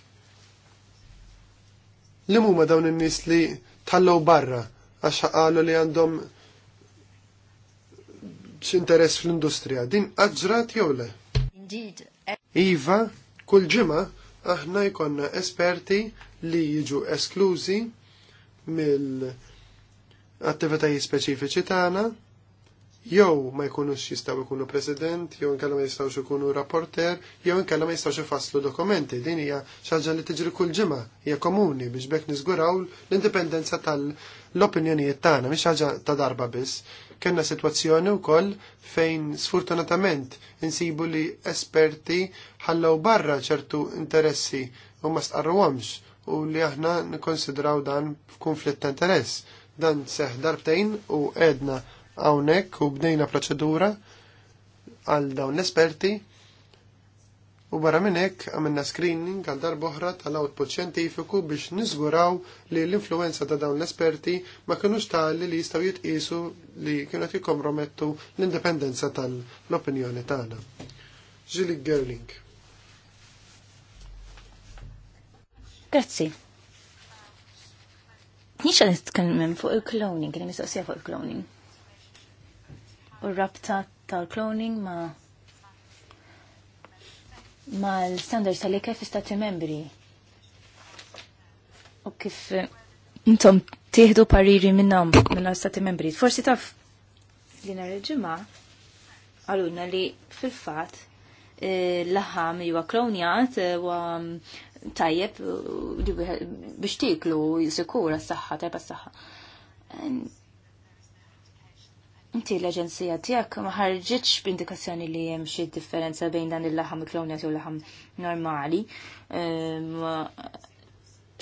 Li huma dawn in-nies li tħallew barra għax qalu li għandhom x'interess fl-industrija. Din aġrat jew le? Indeed. Iva, kull ġimgħa aħna jkonna esperti li jiġu esklużi mill-attivitajiet speċifiċi tagħna jew ma jkunux jistgħu jkunu president, jew inkella ma jistgħux ikunu rapporter, jew inkella ma jistgħux ifasslu dokumenti. Din hija xi ħaġa li tiġri kull ġimgħa, hija komuni biex bekk niżguraw l-indipendenza tal-opinjonijiet tagħna, mhix ħaġa ta' darba biss kena situazzjoni wkoll fejn sfortunatament insibu li esperti ħallaw barra ċertu interessi u ma stqarruhomx u li aħna nikkonsidraw dan f'kunflitt ta' interess. Dan seħ darbtejn u edna hawnhekk u bdejna proċedura għal dawn l-esperti u barra minn hekk għamilna screening għal darboħra tal-output xjentifiku biex niżguraw li l-influenza ta' dawn l-esperti ma kinux tali li jistgħu jitqisu li kienu qed l-indipendenza tal-opinjoni tagħna. Ġili Gerling. Grazzi. Nix għal fuq il-cloning, kien fuq il-cloning. U rabta tal-cloning ma' mal-standards tal kif istati membri u kif eh, intom tieħdu pariri minnom minn stati membri. Forsi taf li nhar il-ġimgħa li fil-fatt eh, l-ħam juwa klonjat eh, u mm, tajjeb biex tiklu sikura s-saħħa, tajba s-saħħa Inti l-Aġenzija tiegħek ma ħarġitx b'indikazzjoni li hemm xi differenza bejn dan il-laħam klonjat u l-laħam normali. Ehm,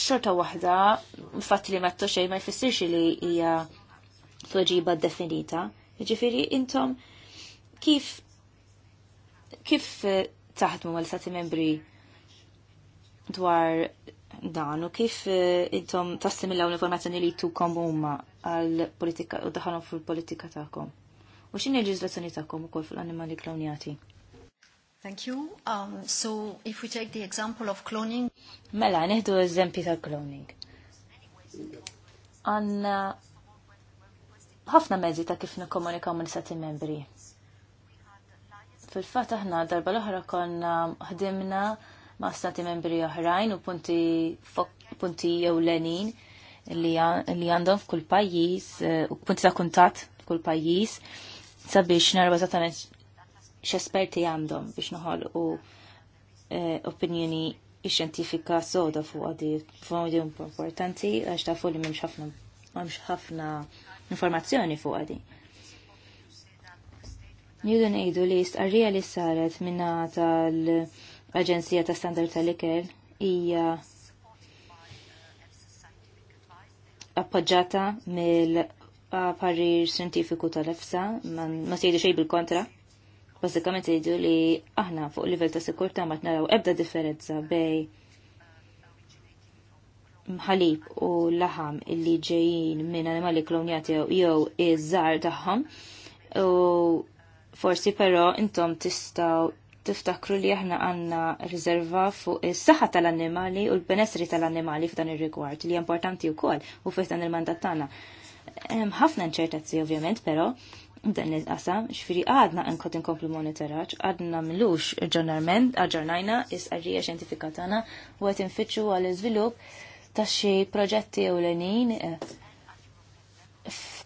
xorta waħda, fatt li mattu xejn ma jfissirx li hija tweġiba definita. Jiġifieri intom kif kif taħdmu mal sati membri dwar dan u kif eh, intom tassimilaw l-informazzjoni li tukom huma għal-politika u daħalhom fil-politika tagħkom. U x'inhi l-ġiżlazzjoni tagħkom ukoll fil-annimali klonjati? Thank you. Um, so if we take the example of cloning. Mela, neħdu eżempi ta' cloning. Għanna ħafna mezzi ta' kif nikkomunikaw minn stati membri. Fil-fatt aħna darba l-oħra konna ħdimna ma' stati membri oħrajn u punti punti jew lenin li għandhom f'kull pajjiż eh, u punti ta' kuntat f'kull pajjiż sabiex narba eżattament x'esperti għandhom biex noħolqu eh, opinjoni xjentifika soda fuq għadi fuq importanti għax ta' fuq li memx ħafna m'hemmx ħafna informazzjoni fuq għadi. Nidu ngħidu li stqarrija li saret minna tal-Aġenzija ta' Standard tal iker ija appoġġata mill uh, parir scientifiku tal-EFSA, ma sejdu xej bil-kontra. Bazzikament jidu li aħna fuq livell ta' sikurta ma t-naraw ebda differenza bej mħalib u laħam illi ġejjin minn animali klonjati jew iż-żar tagħhom. U forsi però intom tistgħu tiftakru li aħna għanna riserva fuq is-saħħa tal-annimali u l-benessri tal-annimali f'dan ir-rigward li importanti wkoll u fih dan il-mandat tagħna. Hemm ħafna inċertezzi ovvjament, però dan il-qasam xfiri għadna nkot inkomplu monitoraġġ, għadna mlux ġurnalment, aġġornajna is-qarrija xjentifika tagħna u qed infittxu għal iżvilupp ta' xi proġetti ewlenin eh,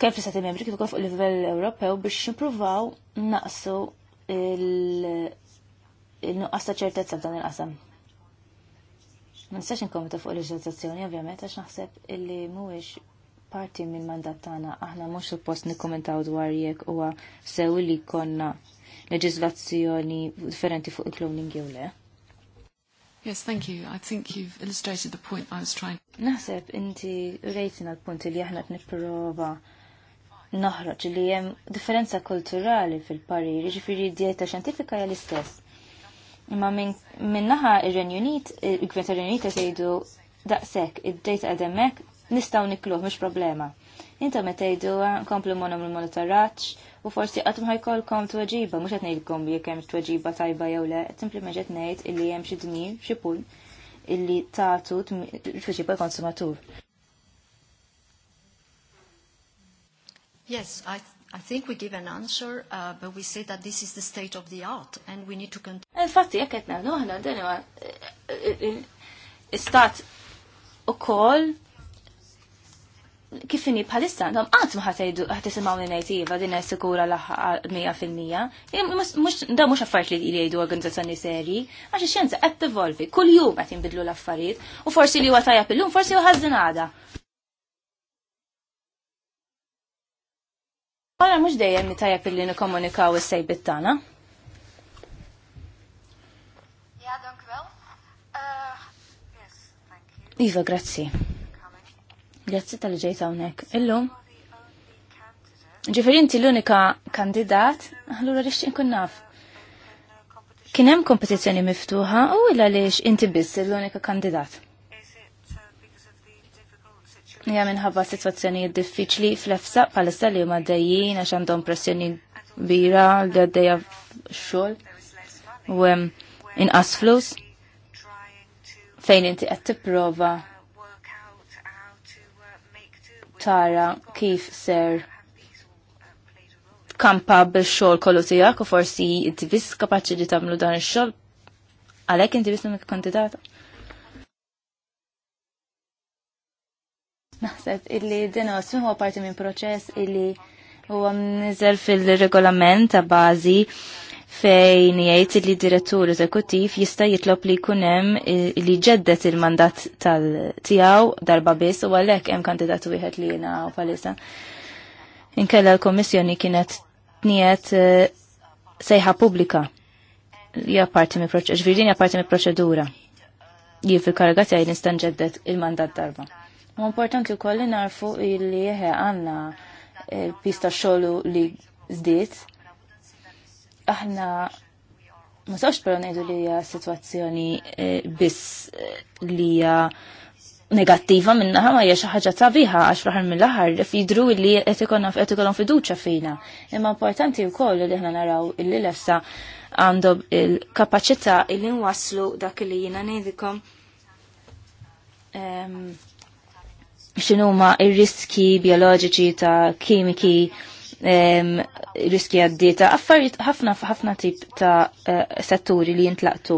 kemm fl-Stati Membri kif ukoll fuq livell Ewropew biex nippruvaw naqsu il- nuqqas ta' ċertezza f'dan il-qasam. Ma nistax inkomitu fuq il leġiżlazzjoni ovvjament għax naħseb illi mhuwiex parti minn mandat tagħna aħna mhux suppost nikkumentaw dwar jekk huwa sew li konna leġislazzjoni differenti fuq il-cloning jew le. Yes, thank you. I think you've illustrated the point I was trying. Naħseb inti rejtina l-punt li aħna nipprova naħroġ li hemm differenza kulturali fil-parir, jiġifieri d-dieta xjentifika hija l-istess Imma minnaħa ir-Renju Unit, il-Gvern tal-Renjunit Unit daqsek, daqshekk id-dejta għademmek, nistaw nistgħu mux problema. Inta meta tejdu komplu monom il-monitoraġġ u forsi qatt ma jkollkom tweġiba, mhux qed li jekk hemm wagġiba tajba jew le, simpli qed ngħid illi hemm xi dmir x'ipun illi tagħtu t-wagġiba konsumatur Yes, I I think we give an answer, uh, but we say that this is the state of the art and we need to continue. Infatti, jek qed no, aħna dan huwa eh, eh, eh, istat ukoll kif inni bħalissa għandhom qatt ma ħad li ngħid iva din hija sikura l mija fil-mija. Da mhux affarijiet li jgħidu organizzazzjoni serji, għax ix-xjenza qed tevolvi, kuljum qed jinbidlu l-affarijiet u forsi li huwa tajjeb illum forsi huwa ħażin għada. Għara mux dejjem nitajab illi nikomunikaw is-sejbit tagħna. Eh, iva, grazzi. Grazzi tal ġejt hawnhekk. Illum Ġifieri inti l-unika kandidat, allura rix nkun naf. Kien hemm kompetizzjoni miftuħa u għaliex inti biss l-unika kandidat? hija minħabba situazzjoni diffiċli fl-efsa palissa li huma dejjin għax għandhom pressjoni kbira li għaddejja xogħol u inqas flus fejn inti qed tipprova tara kif ser kampa bil-xogħol kollu tiegħek u forsi inti vis kapaċi li tagħmlu dan ix-xogħol għalhekk inti biss kandidata. Naħseb illi din osmi huwa parti minn proċess illi huwa niżel fil-regolament ta' bażi fejn jgħid li direttur eżekuttiv jista' jitlob li jkun hemm li ġeddet il-mandat tal-tiegħu darba biss u għalhekk hemm kandidat wieħed li jiena palissa. Inkella l-Kommissjoni kienet tniet eh, sejħa pubblika hija parti mill proċedura, ġvirdin hija parti mill proċedura. Jien fil karagazzja tiegħi nista' nġeddet il-mandat darba. U importanti u kolli li narfu illi jieħe għanna eh, pista xollu li zdiet. Aħna ma sawx pero nejdu li hija situazzjoni eh, biss eh, li hija negattiva minnaħa ma hija xi ħaġa tabiħa għax fl-aħħar mill-aħħar fidru li qed ikollhom fiduċja fina. Imma importanti wkoll li aħna naraw illi lefsa għandhom il-kapaċità illi nwasslu dak li jiena ngħidilkom x'inhuma il riski bioloġiċi ta' kimiki riski għaddita, affarijiet ħafna ħafna tip ta' eh, setturi li jintlaqtu.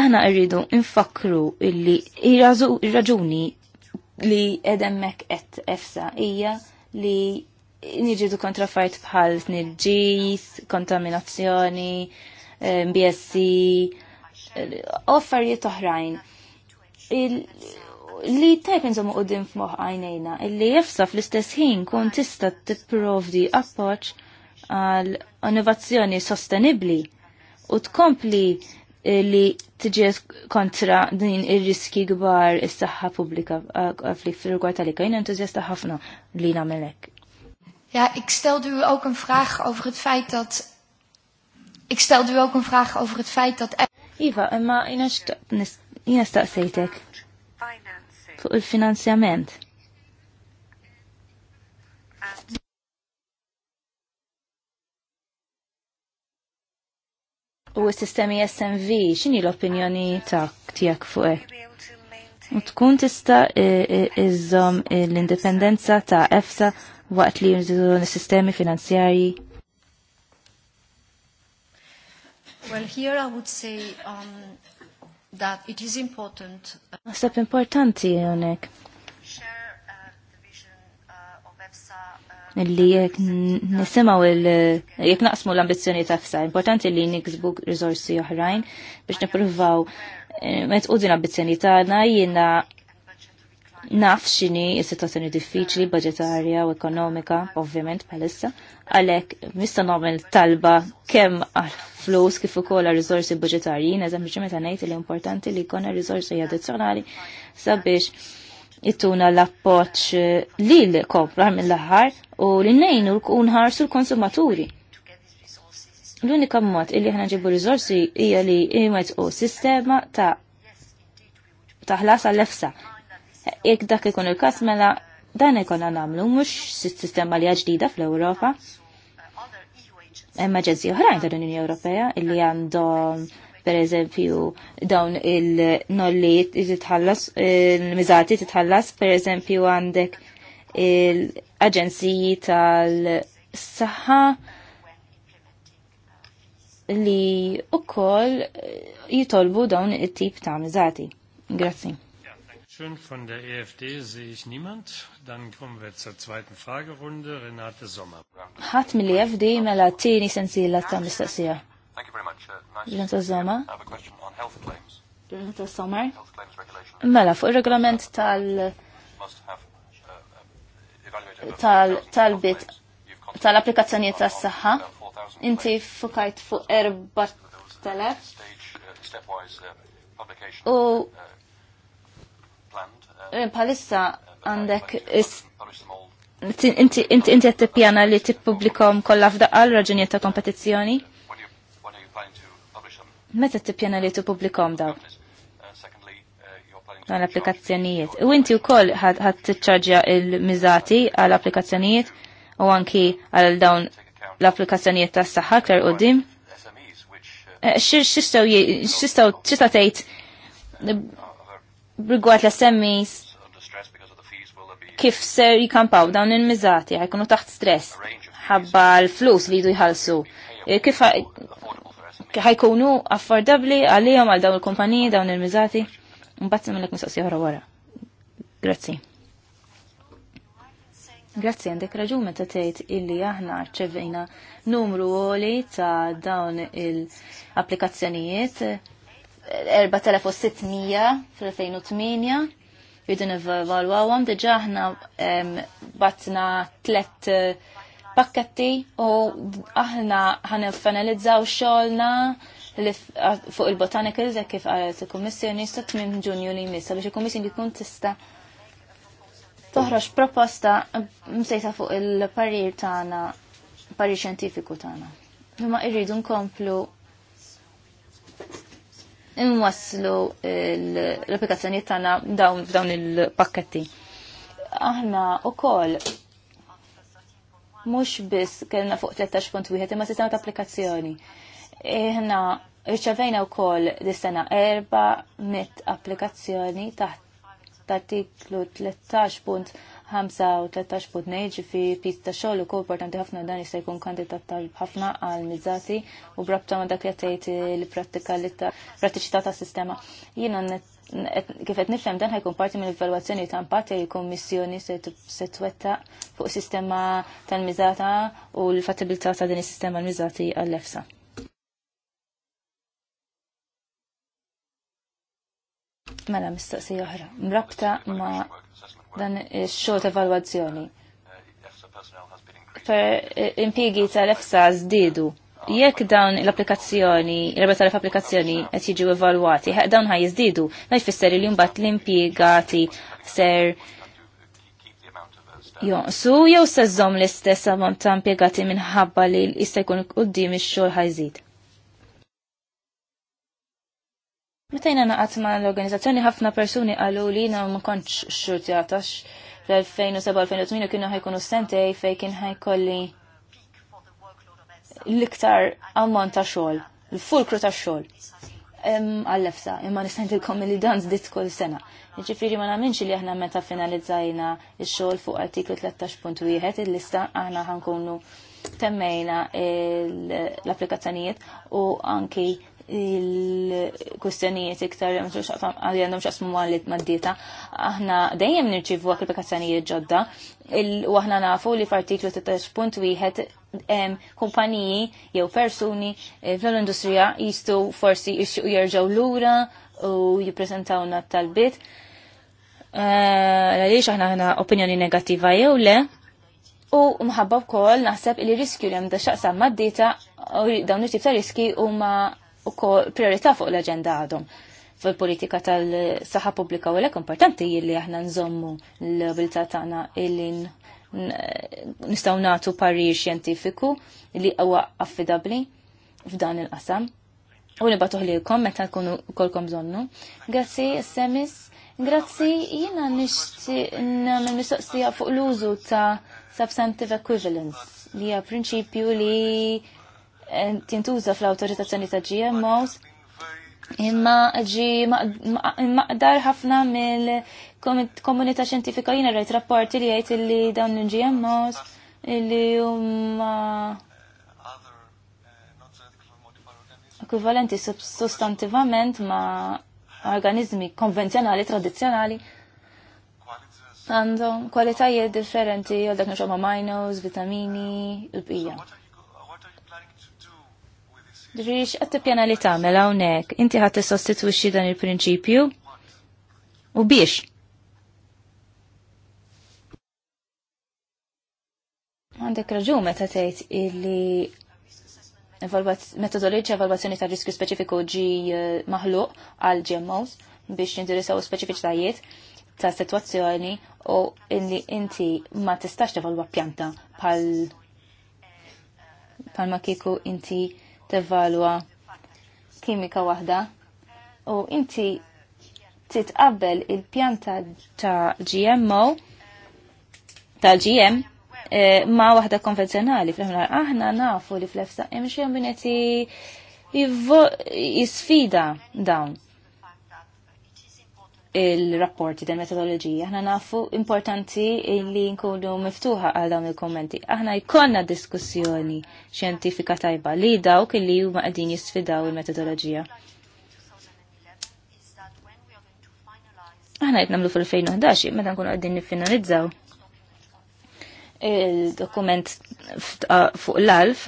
Aħna rridu infakru illi ir-raġuni li edemmek et efsa hija li niġidu kontra fajt bħal nirġis, kontaminazzjoni, BSC, offarijiet eh, oħrajn li tajb nżomu u din f'moħ għajnejna, illi jefsa fl-istess ħin kun tista t-provdi appoċ għal innovazzjoni sostenibli u tkompli li tġiet kontra din ir-riski gbar is-saħħa pubblika għafli eh, fil-rigward li kajna entuzjasta ħafna li namelek. Ja, ik stelde u ook een vraag over het feit dat ik stelde u ook een vraag over het feit dat Iva, imma jina staqsejtek u l finanzjament U s-sistemi SMV, xini l-opinjoni ta' tijak fuq U tkun tista iżom l-indipendenza ta' EFSA waqt li jirżidu sistemi finanzjari? Well, here I would say um, that it is important. Uh, Naħseb importanti hawnhekk. Uh, uh, Illi jek nisimaw il jek naqsmu l-ambizzjoni ta' fsa, importanti li niksbu riżorsi oħrajn biex nippruvaw mezz u din ambizzjoni naf x'inhi s situazzjoni diffiċli budgetarja u ekonomika, ovvjament bħalissa, għalhekk nista' nagħmel talba kemm għal flus kif ukoll għal riżorsi budġetarji, eżempju meta ngħid li importanti li jkollna rizorsi addizzjonali sabiex jittuna l-appoċ li l-koplar mill aħħar u li nejnu l kunħar l-konsumaturi. L-unika mod illi ħana ġibu rizorsi hija li jmet u sistema ta' taħlas għal efsa jekk dak ikun il-kas mela dan ikonna namlu mhux sistema li ġdida fl-Ewropa. Hemm aġenzji oħrajn tal-Unjoni Ewropea illi għandhom per eżempju dawn il nolli titħallas, il-miżati titħallas, per eżempju għandek il-aġenziji tal-saħħa li u koll jitolbu dawn it-tip ta' miżati. Grazie. Schön, von der EFD sehe ich niemand. Dann kommen wir zur zweiten Fragerunde. Renate Sommer. Hat mir die EFD mela tieni sensiela ta' mistaqsija. Thank you very much. Uh, Renate Sommer. I have a question on health claims. Renate Sommer. Mela, fuq il-regolament tal- uh, tal-bit tal-applikazzjoniet tas saħħa inti fukajt fuq 4000 uh, u Eh, palissa għandek inti qed tippjana li tippubblikom kollha f'daqqa raġunijiet ta' kompetizzjoni? Meta tippjana li tippubblikom daw? Għal applikazzjonijiet. U inti wkoll ħadd tiċċarġja il-miżati għal applikazzjonijiet u anki għal dawn l-applikazzjonijiet tas-saħħa klar qudiem. X'istgħu eh, Xistaw tgħid rigward l-SMEs kif ser jikampaw dawn il-mizati ħajkunu taħt stress ħabba l-flus li jidu jħalsu. Eh, kif ħajkunu affordabli għalijom għal dawn il-kumpaniji, dawn il-mizati? Mbatt mill-ek mistoqsi ħra wara. Grazzi. Grazzi, għandek raġun meta tgħid illi aħna ċevejna numru għoli ta' dawn il-applikazzjonijiet 4600 fil-2008 jridu nivalwawhom diġà aħna batna tlet eh, pakketti u aħna ħanifanalizzaw xolna fuq il-botanicals jekk kif qalet il-Kummissjoni sa tmiem Ġunju li jmissa biex il-Kummissjoni jkun tista' toħroġ proposta msejta fuq il-parir tagħna parir xjentifiku tagħna. Imma irridu nkomplu inwasslu l-applikazzjoni tagħna dawn f'dawn il-pakketti. Aħna ukoll mhux biss kellna fuq 13.1 imma sistema ta' applikazzjoni. E, aħna rċevejna wkoll dis-sena 4 mit applikazzjoni taħt artiklu punt u 5.13.2 fi pizz ta' xogħol ukoll importanti ħafna dan jista' jkun kandidat tal ħafna għal miżati u brabta ma' dak li tgħid il prattika li ta' prattiċità ta' sistema. Jiena kif qed nifhem dan ħajkun parti mill-evalwazzjoni ta' impatt li l-Kummissjoni se twetta fuq sistema tal-miżata u l-fattibilità ta' din is-sistema l-miżati għall-EFSA. Mela mistaqsija oħra. Mrabta ma' dan ix-xogħol ta' evalwazzjoni. Per impiegi tal-EFSA żdiedu. Jekk dawn l-applikazzjoni, l-rebet tal-applikazzjoni qed jiġu evalwati, dawn ħaj jiżdiedu, ma jfisser li mbagħad l-impjegati ser jonqsu jew sezzom l-istess ammont ta' impjegati minħabba li jista' jkun quddiem ix-xogħol ħajżid. Meta jina naqat ma l-organizzazzjoni ħafna persuni għallu li jina ma konċ xurti għatax l-2007-2008 kienu ħajkunu sentej fej kien ħajkolli l-iktar ammont ta' xogħol, l-fulkru ta' xogħol. Għallefsa, imma nistantilkom li dan dit kull sena. Ġifiri ma namminx li aħna meta finalizzajna il-xogħol fuq artiklu 13.1 il-lista aħna ħankunu temmejna l-applikazzjonijiet u anki il-kustjonijiet iktar għalli għandhom x'asmu għallit maddita. aħna dejjem nirċivu applikazzjonijiet ġodda, u aħna nafu li f'artiklu 13.1 kumpaniji jew persuni eh, fl-industrija jistu forsi jixxu jerġgħu lura u jippreżentawna tal-bit. Eh, għaliex aħna għana opinjoni negativa jew le, U mħabba wkoll naħseb li riskju li hemm da xaqsam mad-dieta dawn it-tip ta' riski huma u priorità fuq l-agenda għadhom fil-politika tal-saħħa pubblika u l importanti jilli aħna nżommu l-abilità tagħna illi nistgħu nagħtu parir xjentifiku li huwa affidabbli f'dan il-qasam. U li lilkom meta tkunu kolkom bżonnu. Grazzi, Semis. Grazzi, jiena nixti nagħmel mistoqsija fuq l-użu ta' substantive equivalence li hija prinċipju li Eh, tintuża fl-autorizzazzjoni ta' GMOs imma ġi maqdar ħafna mill-komunità xjentifika jiena rajt rapporti li jgħid li dawn il-GMOs li huma ekvivalenti sostantivament ma' organizmi konvenzjonali, tradizjonali għandhom kwalitajiet differenti għal dak nxomma minos, vitamini, l-bija. Drix, għat t-pjana li tamel għawnek, inti ħadd t dan il-prinċipju? U biex? Għandek raġun meta tgħid illi metodoloġija evalwazzjoni ta' riskju speċifiku ġi eh, maħluq għal GMOs biex nindirisaw speċifiċitajiet ta' situazzjoni u illi inti ma tistax tevalwa pjanta pal palma inti tevalwa kimika waħda u inti titqabbel il-pjanta ta' GMO tal-GM eh, ma' waħda konvenzjonali fl-ħmlar. Aħna nafu li fl-efsa hemm jisfida dawn il-rapporti tal metodoloġija Aħna nafu importanti li nkunu miftuħa għal dawn il-kommenti. Aħna jkollna diskussjoni xjentifika tajba li dawk li huma qegħdin jisfidaw il-metodoloġija. Aħna qed nagħmlu fil-2011 meta nkunu qegħdin niffinalizzaw il-dokument fuq l-alf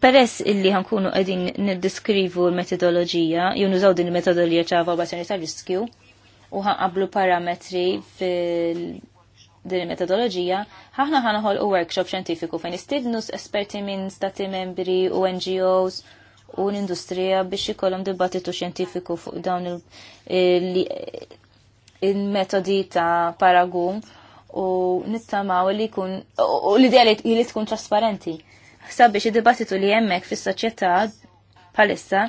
peress illi ħankunu qegħdin niddiskrivu l-metodoloġija, jew nużaw din il-metodoloġija ċava bazzjoni ta' riskju, u ħanqablu parametri fil din il-metodoloġija, ħahna ħanħol u workshop xentifiku fejn istidnus esperti minn stati membri u NGOs u l-industrija biex ikollhom dibattitu xjentifiku fuq dawn il-metodi ta' paragum u nittamaw li kun u l-idea li tkun trasparenti. Sabiex id-dibattitu li jemmek fis-soċjetà palissa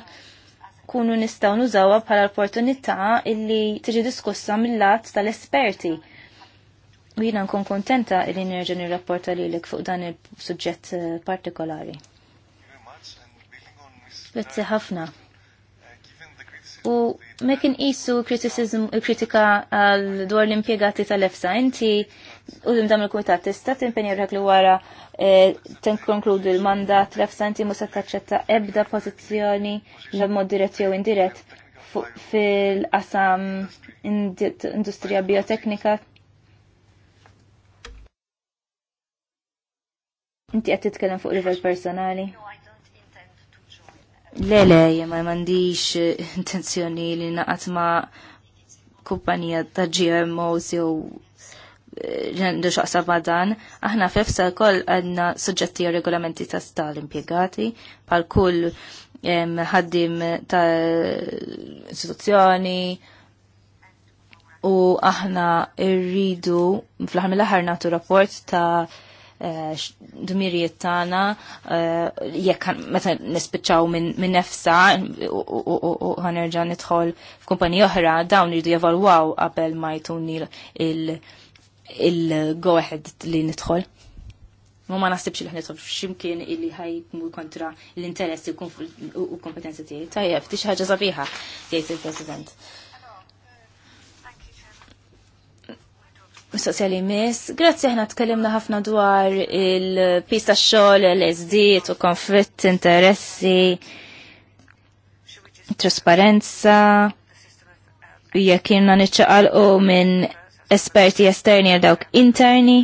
nkunu nistgħu nużawha bħala opportunità illi tiġi diskussa mill-lat tal-esperti. U jiena nkun kontenta illi nerġa' nirrapporta lilek fuq dan il-suġġett eh, partikolari. Grazie ħafna. U mekin isu kritika għal dwar l-impiegati tal-EFSA, inti u dam il-kumitat tista' timpenja li wara E, tenkonkludu l-mandat l-afsanti musa taċċetta ebda pozizjoni l-mod dirett jew indirett fil-qasam industrija bioteknika. Inti qed titkellem fuq livell personali. Le, le, ma mandiċ eh, <laughs> intenzjoni li naqat ma kumpanija ta' GMOs jew ġendu xaqsa madan, aħna fefsa kol għadna suġġetti u regolamenti ta' stal impiegati, pal kull ħaddim ta' istituzzjoni, u aħna irridu fl ħamil aħar ħar natu rapport ta' eh, dmirijiet tagħna eh, jekk meta nispiċċaw minn nefsa u ħanerġa' nidħol f'kumpanija oħra dawn irridu jevalwaw qabel ma jtuni il- il-go ahead li nidħol. Ma ma nasibx li ħnidħol f'ximkien illi ħajt mu kontra l-interessi u kompetenzi tiegħi. Tajjeb, tix ħaġa sabiħa jgħid il-President. Mistoqsija mis, grazzi ħna tkellimna ħafna dwar il pista tax-xogħol, l-SD, u konflitt interessi, trasparenza, jekk kienna niċċaqalqu minn esperti esterni għal dawk interni.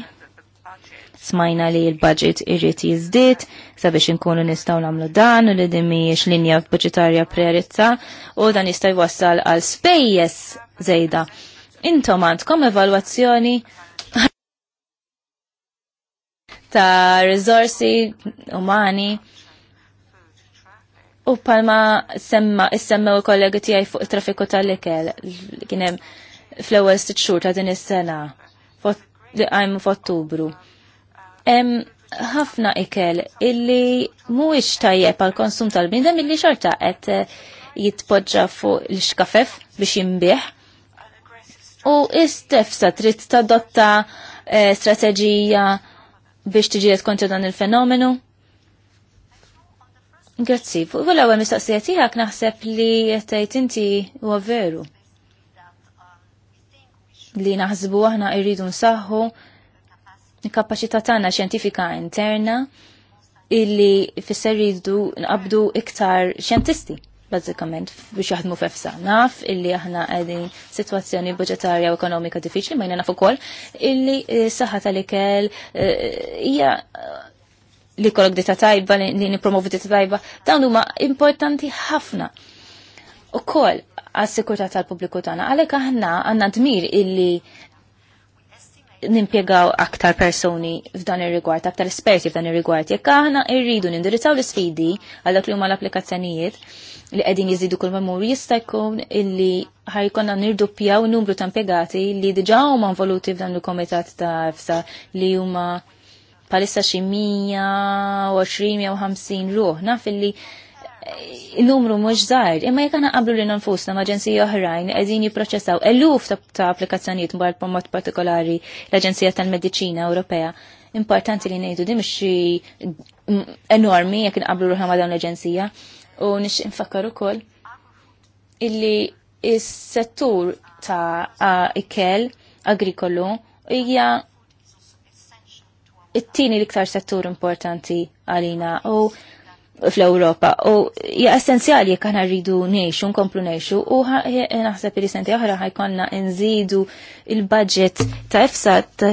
Smajna li l-budget irrit jizdit sabiex inkunu nistaw namlu dan u li dimmi linja budgetarja prerizza u dan jista' jwassal għal spejjes zejda. Intom għandkom evalwazzjoni ta' rizorsi umani u palma semma, u kollegi tijaj fuq traffiku tal-ikel, fl-ewwel sitt xhur ta' din is-sena li f'Ottubru. Hemm ħafna ikel illi mhuwiex tajjeb għal konsum tal-bniedem illi xorta qed eh, jitpoġġa fuq l-xkafef biex jimbih. U istefsa trid tadotta eh, strateġija biex tiġiet kontra dan il-fenomenu? Grazzi, fuq l-ewwel mistaqsija tiegħek naħseb li qed tgħid inti huwa veru li naħsbu aħna irridu nsaħħu il-kapacità tagħna xjentifika interna illi fisser jridu nqabdu iktar xjentisti bazzikament biex jaħdmu f'efsa. Naf illi aħna qegħdin sitwazzjoni budġetarja u ekonomika diffiċli ma jina naf ukoll illi eh, saħħa tal-ikel eh, hija eh, li kollok dita tajba, li nipromovu dita tajba, dawn huma importanti ħafna. Ukoll għas-sikurtà tal-pubbliku tagħna. Għalhekk aħna għandna dmir illi nimpiegaw aktar personi f'dan ir-rigward, aktar esperti f'dan ir-rigward. Jekk aħna rridu nindirizzaw l-isfidi għal dak li huma l-applikazzjonijiet li qegħdin jiżidu kull mamur jista' jkun illi ħajkonna nirdoppjaw numru ta' impjegati li diġà huma involuti f'dan il-komitat ta' EFSA li huma palissa xi 120 150 ruħ. Naf illi numru mhux żgħar, imma jekk qablu li nfusna ma' aġenziji oħrajn qegħdin jipproċessaw luf ta' applikazzjonijiet mbagħad pomot partikolari l-Aġenzija tal-Mediċina Ewropea. Importanti li ngħidu di mhix enormi jekk inqablu ruħna ma' dawn l-Aġenzija u nix infakkar ukoll illi il settur ta' ikel agrikolu hija it-tieni l-iktar settur importanti għalina u fl-Europa u hija essenzjali jekk aħna rridu ngħixu nkomplu ngħixu u naħseb li senti oħra ħajkonna nżidu il-budget ta' EFSA ta'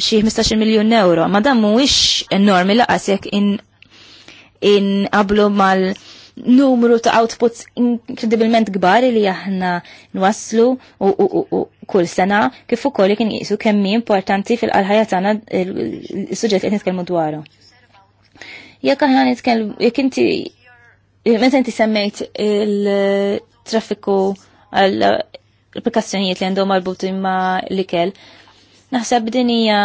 xi 15 miljun euro. Ma dan mhuwiex enormi laqas jekk in qablu mal numru ta' outputs inkredibilment kbar li aħna nwaslu u kull sena kif ukoll jekk inqisu kemm importanti fil-qalħajja tagħna is-suġġett li qed nitkellmu dwaru. Jekk aħna nitkellmu, jekk inti meta inti semmejt il-traffiku għall applikazzjonijiet li għandhom marbutin ma' l-ikel, naħseb din hija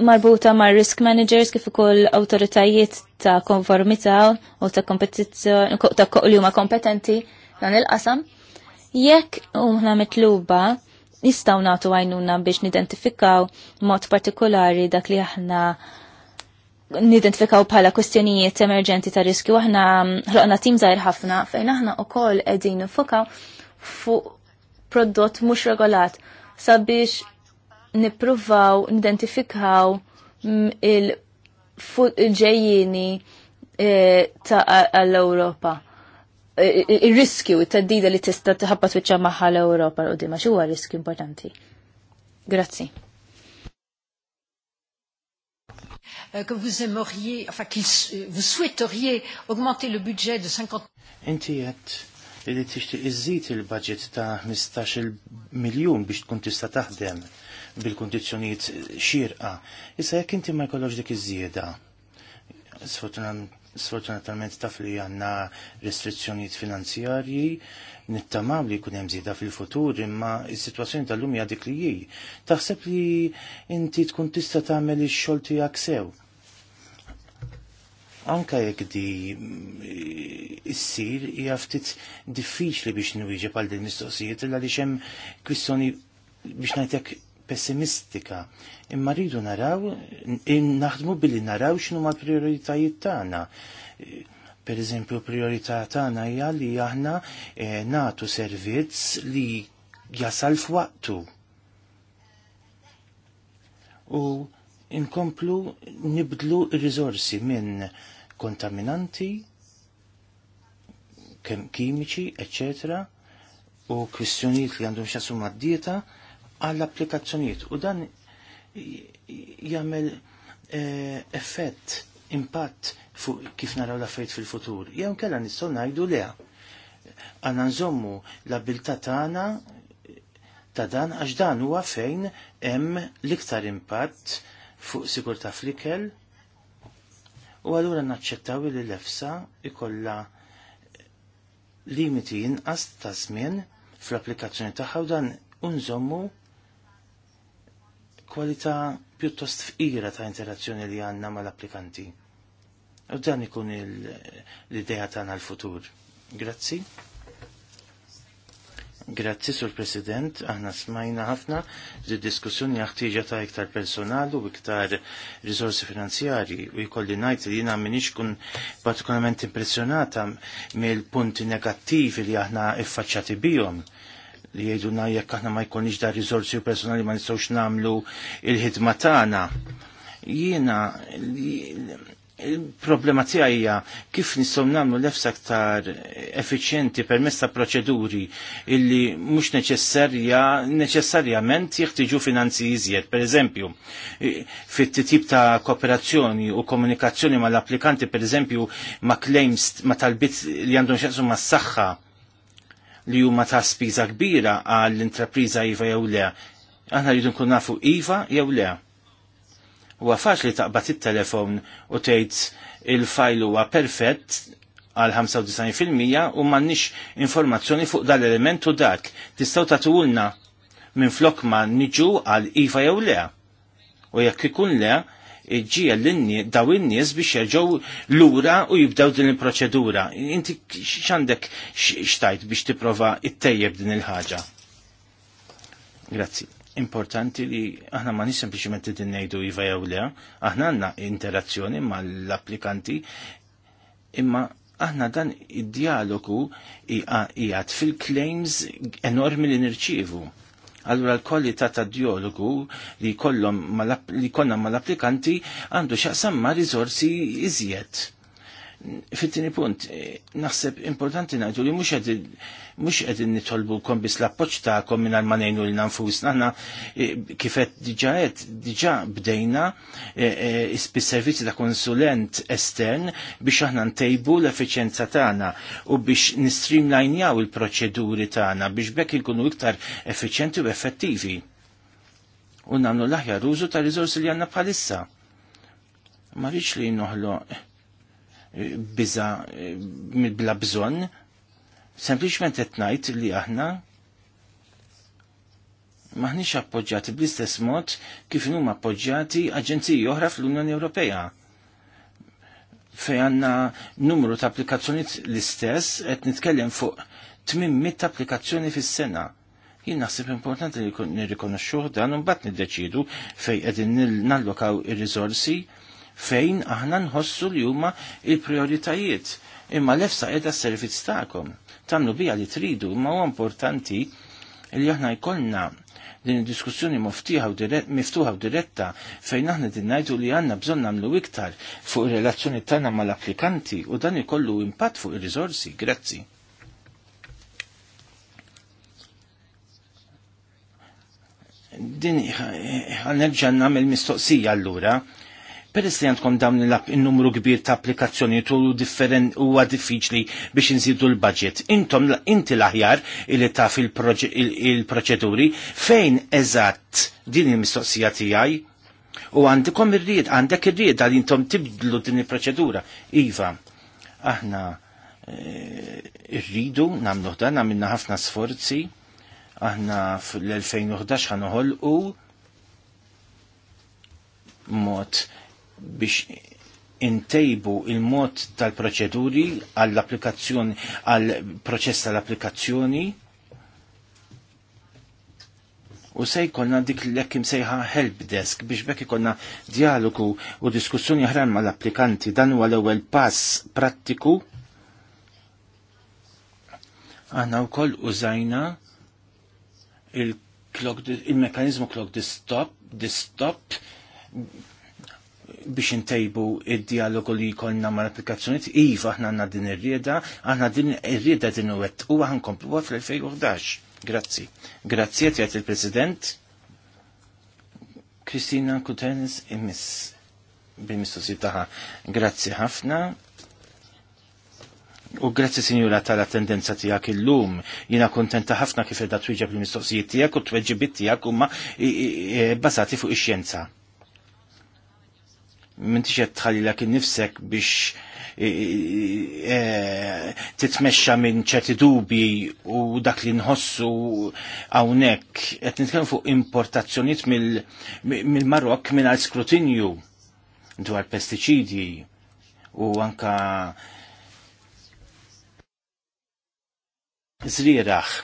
marbuta ma' risk managers kif ukoll awtoritajiet ta' konformità u ta' kompetizzjoni ta' li huma kompetenti dan il-qasam. Jekk huma mitluba nistgħu nagħtu għajnuna biex nidentifikaw mod partikolari dak li aħna nidentifikaw bħala kwestjonijiet emerġenti ta' riskju aħna ħloqna tim zaħir ħafna fejn aħna wkoll qegħdin nifokaw fuq prodott mhux regolat sabiex nippruvaw nidentifikaw mm, il-ġejjini eh, ta' l-Ewropa. Eh, il-riskju, it-taddida li tista' tħabba twiċċa magħha l-Ewropa l-qudiem, x'huwa riskju importanti. Grazzi. Euh, que vous aimeriez, enfin, que euh, vous souhaiteriez augmenter le budget de 50... Inti għed li tixti iżżid il-budget ta' 15 miljon biex tkun tista' taħdem bil-kondizzjonijiet xirqa. Issa jekk inti ma jkollox dik iż-żieda, sfortunatament taf li għanna restrizzjonijiet finanzjarji nittamaw li jkun hemm żieda fil-futur imma s-sitwazzjoni tal-lum hija dik li hi. Taħseb li inti tkun tista' tagħmel ix-xogħol tiegħek sew. Anka jekk di mm, issir hija ftit diffiċli biex nwieġeb għal din mistoqsijiet illa li hemm kwistjoni biex ngħidlek pessimistika. Imma rridu naraw, naħdmu billi naraw x'nu l prioritajiet tagħna Per eżempju, priorità tagħna hija li aħna eh, natu servizz li jasal f'waqtu. U inkomplu nibdlu r-riżorsi minn kontaminanti, kimiċi, eccetera, u kwistjonijiet li għandhom xasum għad-dieta għall-applikazzjonijiet. U dan jagħmel eh, effett impatt fuq kif naraw l-affarijiet fil-futur. Jew kellha nistgħu ngħidu leha. Għandna nżommu l-abilità tagħna ta' dan għax dan huwa fejn hemm l-iktar impatt fuq sigurtà fl-ikel u allura naċċettaw li l-efsa ikolla limiti jinqas ta' żmien fl-applikazzjoni tagħha u dan unżommu kwalità pjuttost fqira ta' interazzjoni li għanna mal-applikanti. U dan ikun l-ideja tagħna l-futur. Grazzi. Grazzi sur President, aħna smajna ħafna li diskussjoni ħtieġa ta' iktar personal u iktar risorsi finanzjari u jkolli ngħid li jiena miniex kun partikolarment impressjonata mill-punti negattivi li aħna iffaċċati bihom li jgħiduna jekk aħna ma jkunx da u personali ma nistgħux nagħmlu il-ħidma tagħna. Jiena il-problema tiegħi hija kif nistgħu nagħmlu nefs aktar effiċjenti permezz ta' proċeduri illi mhux neċessarja neċessarjament jeħtieġu finanzi iżjed. Pereżempju, fit-tip ta' kooperazzjoni u komunikazzjoni mal-applikanti pereżempju ma' claims ma' talbit li għandhom xaqsu ma' s-saħħa li huma ta' spiża kbira għall-intrapriża iva jew le. Aħna rridu nkun nafu iva jew le. Huwa faċli taqbad it-telefon u tgħid il-fajl huwa perfett għal 95% u m'għandniex informazzjoni fuq dal-element u dak. Tistgħu tagħtulna minn flok ma niġu għal iva jew le. U jekk ikun le, ġie l-inni daw in-nies biex jerġgħu lura u jibdew din il-proċedura. Inti x'għandek xtajt biex tipprova ttejjeb din il-ħaġa. Grazzi. Importanti li aħna ma nis sempliċement din ngħidu iva jew le, aħna għandna interazzjoni mal-applikanti imma aħna dan id-dialogu hija fil-claims enormi li nirċievu Allura l-kolli ta' ta' dialogu li kollom li konna mal-applikanti għandu xaqsam ma' rizorsi iżjed Fit-tieni punt, eh, naħseb importanti ngħidu li mhux għedin qegħdin nitolbu kom biss l-appoġġ tagħkom mingħajr ma ngħinu li nfusna aħna eh, kif qed diġà qed diġà bdejna eh, is-servizzi ta' konsulent estern biex aħna ntejbu l-effiċjenza tagħna u biex nistreamlinjaw il-proċeduri tagħna biex bekk ikunu iktar effiċjenti u effettivi u namlu l-aħjar użu ta' rizorsi li għanna bħalissa. Ma rridx li noħloq biża eh, bla bżonn, sempliċement qed ngħid li aħna maħniex appoġġati bl-istess mod kif huma appoġġjati aġenziji oħra fl-Unjoni Ewropea fej għanna numru ta' applikazzjoni l-istess, qed nitkellem fuq 800 applikazzjoni fis-sena. Jien naħseb importanti li nirrikonoxxuh dan u mbagħad niddeċidu fej qegħdin nallokaw ir-riżorsi fejn aħna nħossu li huma il-prioritajiet. Imma l-efsa edha s-servizz ta'kom. Tamlu bija li tridu, imma huwa importanti li aħna jkollna din diskussjoni miftuħa u diretta, fejn aħna din najdu li għanna bżon namlu iktar fuq il-relazzjoni tagħna mal-applikanti u dan ikollu impatt fuq ir-riżorsi. Grazzi. Din eh, eh, ħanerġa' nagħmel mistoqsija allura Peress li għandkom dawn il-numru kbir ta' applikazzjoni tu differen huwa diffiċli biex inżidu l-budget. Intom inti l-aħjar li ta' fil-proċeduri fejn eżatt din il-mistoqsija tiegħi u għandikom ir rieda għandek ir rieda għal intom tibdlu din il-proċedura. Iva, aħna irridu eh, namlu dan għamilna ħafna sforzi aħna fl-2011 u mod biex intejbu il-mod tal-proċeduri għall-applikazzjoni għall-proċess tal-applikazzjoni u se jkollna dik l ekkim imsejħa help desk biex bekk konna dialogu u diskussjoni ħran mal-applikanti dan huwa l-ewwel pass prattiku għanna wkoll użajna il-mekanizmu clock, di stop di stop biex intejbu id-dialogu li jkollna ma' l-applikazzjoniet, iva aħna għandna din ir-rieda, aħna din ir-rieda din għet, u għan komplu l 2011 Grazzi. Grazzi għet il-President. Kristina Kutenis imis bil-mistoqsib taħħa. Grazzi ħafna. U grazzi sinjura tal-attendenza tijak il-lum. Jina kontenta ħafna kif edha twiġab l-mistoqsijiet tijak u t tiegħek tijak umma basati fuq ix-xjenza m'intix qed tħallilek innifsek biex e, titmexxa minn ċerti dubi u dak li nħossu hawnhekk qed nitkellmu fuq importazzjonijiet mill minn mingħajr skrutinju dwar pesticidi u anka zriraħ.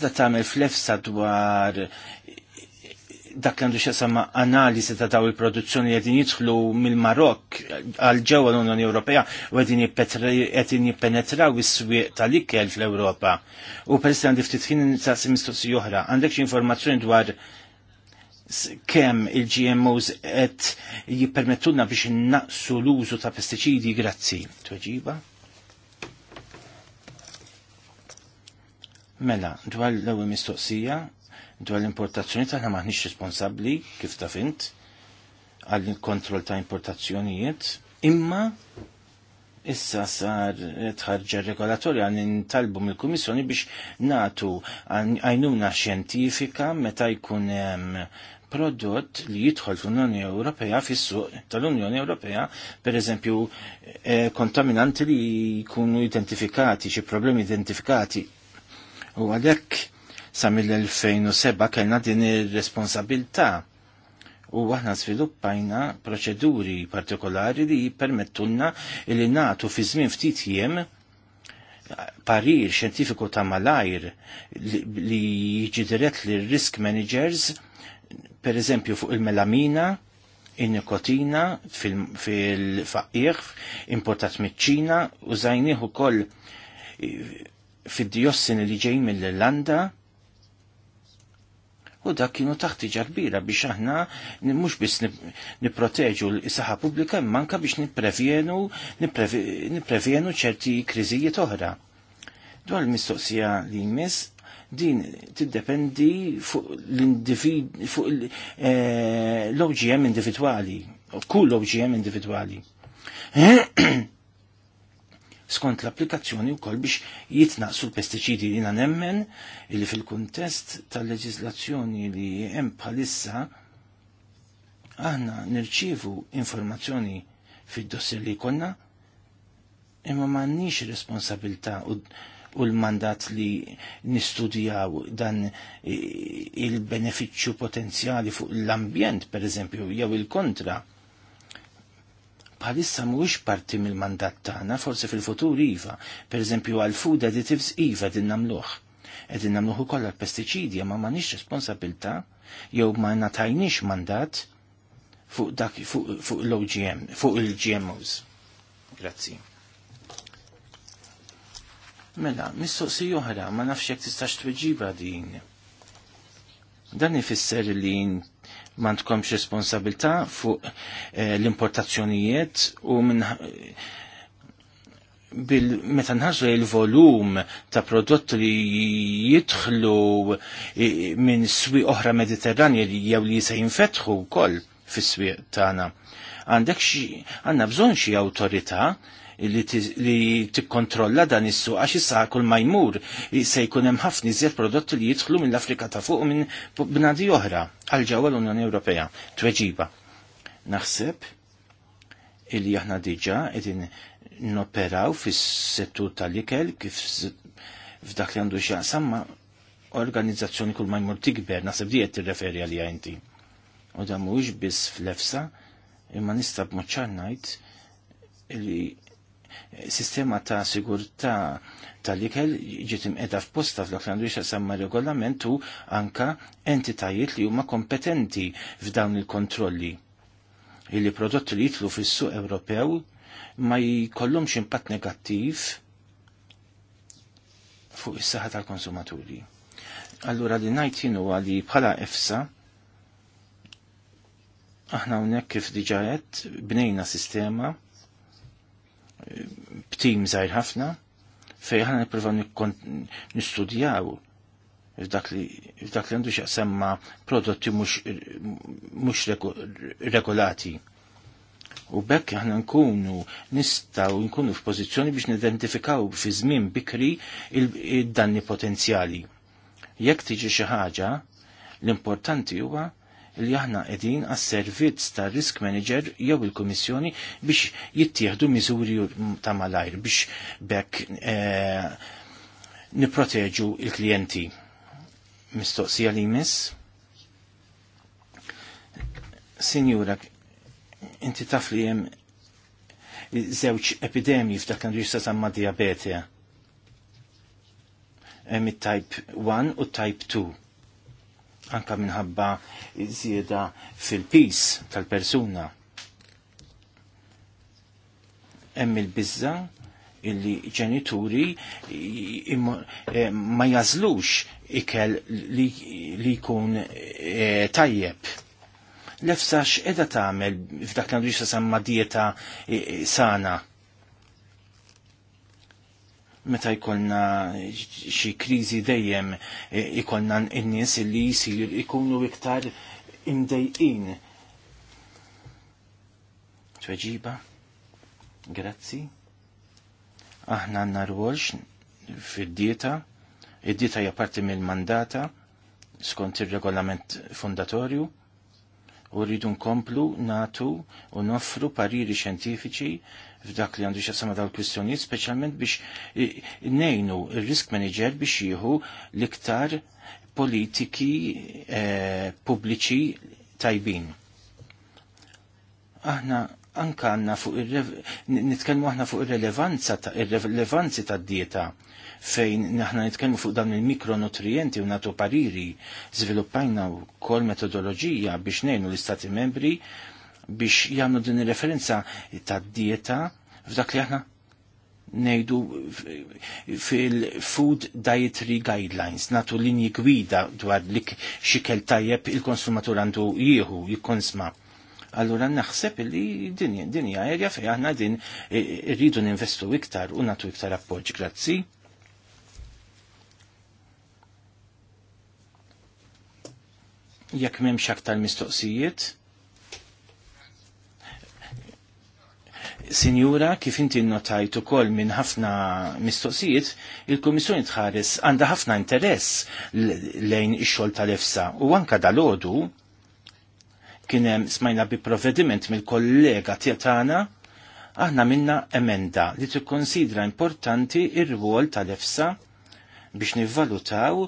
ta' tagħmel flefsa dwar dak għandu xesama analizi ta' daw il-produzzjoni għedin jitħlu mill-Marok għal ġewwa l-Unjoni Ewropea u għedin jippenetraw is-swieq tal-ikkel fl-Ewropa. U peress għandi ftit ħin ta' mistoqsi oħra, għandek xi informazzjoni dwar kemm il-GMOs qed jippermettulna biex innaqsu l-użu ta' pestiċidi grazzi. Tweġiba? Mela, dwar l-ewwel mistoqsija, dwar l-importazzjoni tagħna maħniex responsabbli kif ta' fint għall-kontroll ta' importazzjonijiet, imma issa sar tħarġa regolatorja għan intalbu mill kummissjoni biex natu għajnuna xjentifika meta jkun prodott li jidħol fl-Unjoni Ewropea fis-suq tal-Unjoni Ewropea, per eżempju, eh, kontaminanti li jkunu identifikati, xi problemi identifikati U għalhekk sa mill-2007 kellna din ir-responsabilità u aħna sviluppajna proċeduri partikolari li jippermettulna li natu fi żmien ftit jem parir xjentifiku ta' malajr li jiġi dirett li risk managers, per eżempju fuq il-melamina, in-nikotina fil-faqqiħ, importat mit-ċina, u zajniħu kol fid-diossin li ġejn mill-Irlanda u dak kienu taħtiġa kbira biex aħna mhux biss nipproteġu l-saħħa pubblika manka biex nipprevjenu nipprevjenu ċerti kriżijiet oħra. Dwar l-mistoqsija li jmiss din tiddependi fuq l fuq eh, l-OGM individwali, kull OGM individwali. <clears throat> skont l-applikazzjoni u kol biex jitnaqsu l-pesticidi li nemmen illi fil-kontest tal-leġizlazzjoni li jem bħalissa aħna nirċivu informazzjoni fid-dossier li konna imma m'għandniex responsabilità u, u l-mandat li nistudjaw dan il-benefiċċju potenzjali fuq l-ambjent, per eżempju, jew il-kontra. il kontra bħalissa mhuwiex parti mill-mandat tagħna, forsi fil-futur iva, pereżempju għal food additives iva din nagħmluh. Qegħdin nagħmluh ukoll għall pestiċidi ma m'għandniex responsabilità jew ma ngħatajniex mandat fuq dak fuq, fuq l-OGM, fuq il-GMOs. Grazzi. Mela, mistoqsi oħra, ma nafx jekk tistax tweġiba din. Dan ifisser li mandkomx responsabilta fuq eh, l-importazzjonijiet u minn bil meta nħarsu il-volum ta' prodotti li jidħlu eh, minn swi oħra mediterranja li jew li se jinfetħu wkoll fis-swieq tagħna. Għandek xi għanna bżonn xi awtorità li tikkontrolla dan is għax issa kull ma jmur se jkun hemm ħafna iżjed prodotti li jidħlu mill-Afrika ta' fuq minn bnadi oħra għal ġewwa l-Unjoni Ewropea. Tweġiba. Naħseb illi aħna diġà qegħdin noperaw fis-settur tal-ikel kif f'dak li għandu x'jaqsam ma' organizzazzjoni kull majmur jmur tikber, naħseb di tirreferi għalija inti. U da mhux biss fl-efsa, imma nista b'moċar ngħid li sistema ta' sigurtà tal-ikel ġiet imqeda f'posta fl li għandu jxaqsamma regolament u anka entitajiet li huma kompetenti f'dawn il-kontrolli. Illi prodotti li jitlu fis-suq Ewropew ma jkollhomx impatt negattiv fuq is-saħħa tal-konsumaturi. Allura li ngħid huwa li bħala EFSA aħna hawnhekk kif diġa qed bnejna sistema b'tim zaħir ħafna fej ħana nipprova nistudjaw f'dak li għandu xaqsemma prodotti mhux regolati. U bekk aħna nkunu nistaw nkunu f'pożizzjoni biex nidentifikaw fi żmien bikri id-danni potenzjali. Jekk tiġi xi ħaġa, l-importanti huwa li aħna qegħdin għas-servizz ta' risk manager jew il-Kummissjoni biex jittieħdu miżuri ta' malajr biex bekk e, eh, niproteġu il-klijenti. Mistoqsija li jmiss? Sinjura, inti taf li jem zewċ epidemji f'dak kan rissa samma diabete. Hemm it-type 1 u type 2 anka minħabba zieda fil-pis tal-persuna. Hemm il-bizza illi ġenituri eh, ma jażlux ikel li jkun eh, tajjeb. Lefsax edha tagħmel f'dak l għandu jisasamma dieta eh, sana meta jkollna xi kriżi dejjem ikollna e, n-nies li jisir ikunu iktar imdejqin. Tweġiba? Grazzi. Aħna għandna rwolx fid-dieta, id-dieta hija parti mill-mandata skont ir-regolament fundatorju u rridu nkomplu natu u noffru pariri xjentifiċi f'dak li għandu xasama dal kwistjonijiet speċjalment biex nejnu il-risk manager biex jieħu l-iktar politiki eh, pubbliċi tajbin. Aħna anka għanna fuq nitkellmu aħna fuq ir-relevanza ta' ir-relevanzi tad-dieta fejn naħna nitkellmu fuq dawn il mikronutrienti u natu pariri, żviluppajna wkoll metodoloġija biex nejnu l-istati membri biex jagħmlu din ir-referenza ta' dieta f'dak li aħna nejdu fil-Food Dietary Guidelines, natu linji gwida dwar li xikel tajjeb il-konsumatur għandu jieħu, jikonsma. Allura naħseb li dinja, dinja, erja fej aħna din eh, eh, rridu ninvestu iktar u natu iktar appoġġ, grazzi. Jekk memx aktar mistoqsijiet, Sinjura, kif inti notajt ukoll minn ħafna mistoqsijiet, il-Kummissjoni tħares għandha ħafna interess lejn ix-xogħol tal-EFSA u anka dalodu kien hemm smajna bi provvediment mill-kollega tagħna aħna minna emenda li tikkonsidra importanti ir-rwol tal-EFSA biex nivvalutaw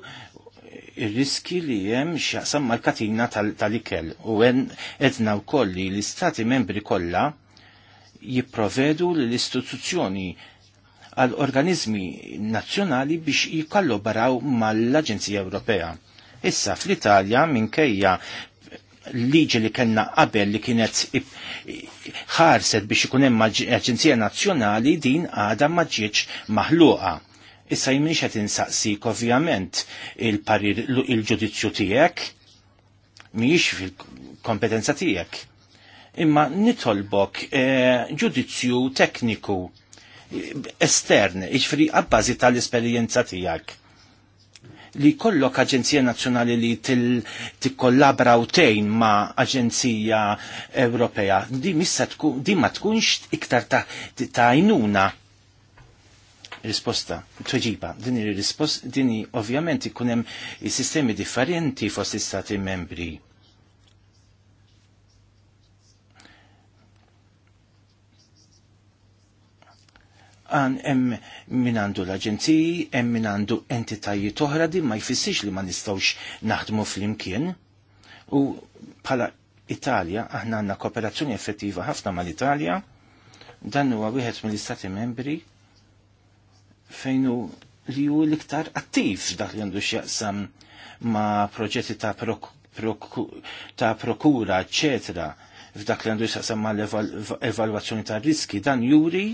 il-riski li jem xaqsam mal-katina tal-ikel. U għen edna u kolli l-istati membri kolla jipprovedu l-istituzzjoni għal organizmi nazzjonali biex jikollobaraw mal-Aġenzija Ewropea. Issa fl-Italja minkejja liġi li kellna qabel li kienet ħarset biex ikun hemm Aġenzija Nazzjonali din għadha ma ġietx maħluqa. Issa jimniex qed insaqsik ovvjament il-parir il-ġudizzju tiegħek mhijiex fil-kompetenza tiegħek imma nitolbok eh, ġudizzju eh, tekniku estern, iġfri għabbażi tal-esperienza tijak li kollok aġenzija nazzjonali li t-kollabra u tejn ma' aġenzija Ewropea. Di, tku, di ma tkunx iktar ta' tajnuna risposta, tweġiba, din ir-risposta, dini ovvjament ikun hemm sistemi differenti fost istati membri għan hemm min għandu l-aġenziji, hemm min għandu entitajiet oħra din ma jfissix li ma nistawx naħdmu flimkien, imkien U bħala Italja, aħna għanna kooperazzjoni effettiva ħafna mal-Italja, dan huwa wieħed mill-Istati membri fejn hu li hu l-iktar attiv dak li għandu x'jaqsam ma' proġetti ta' prok ta' prokura, eccetera, f'dak li għandu jisaqsam ma' l-evalwazzjoni ta' riski, dan juri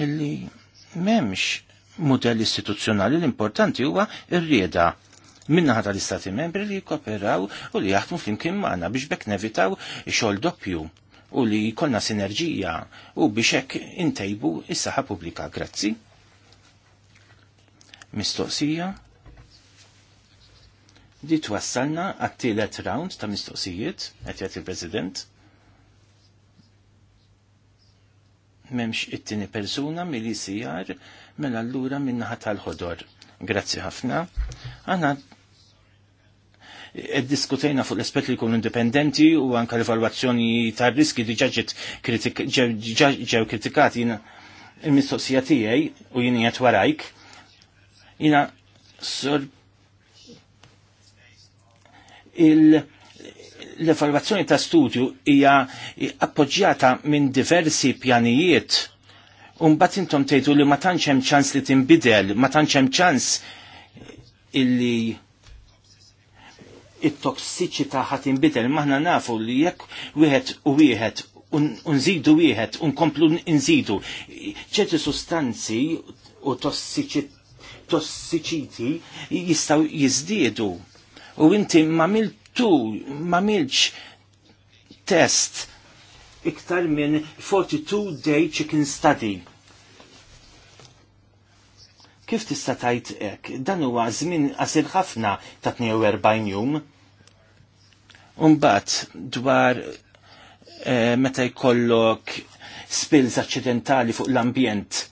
illi memx model istituzzjonali l-importanti huwa ir-rieda minna ħata l-istati membri li jkoperaw u li jaħdmu flimkien maħna biex bekk nevitaw xogħol doppju u li jkollna sinerġija u biex hekk intejbu is saħa pubblika. Grazzi. Mistoqsija. Di twassalna għat-tielet round ta' mistoqsijiet, għattilet il-President. memx it-tini persuna mill sijar mela allura minnaħat tal-ħodor. Grazzi ħafna. Għana eh, diskutejna fuq l-aspet li jkunu indipendenti u anka l-evalwazzjoni tar riski li ġaġet ġew kritikati jina il-mistoqsija tiegħi u jien qed warajk. Jina sor il- l informazzjoni ta' studju hija appoġġjata minn diversi pjanijiet Umbat intom tgħidu li ma tantx hemm ċans li tinbidel, ma tantx hemm ċans illi it-toksiċità ħat inbidel, maħna nafu li jekk wieħed u wieħed unżidu wieħed, unkomplu nżidu. ċerti sustanzi u tossiċiti jistaw jizdiedu. U inti ma tu ma milċ test iktar minn 42 day chicken study. Kif tista' tajt hekk? Dan huwa żmien qasir ħafna ta' 42 jum. Umbat, dwar e, meta jkollok spills accidentali fuq l-ambjent.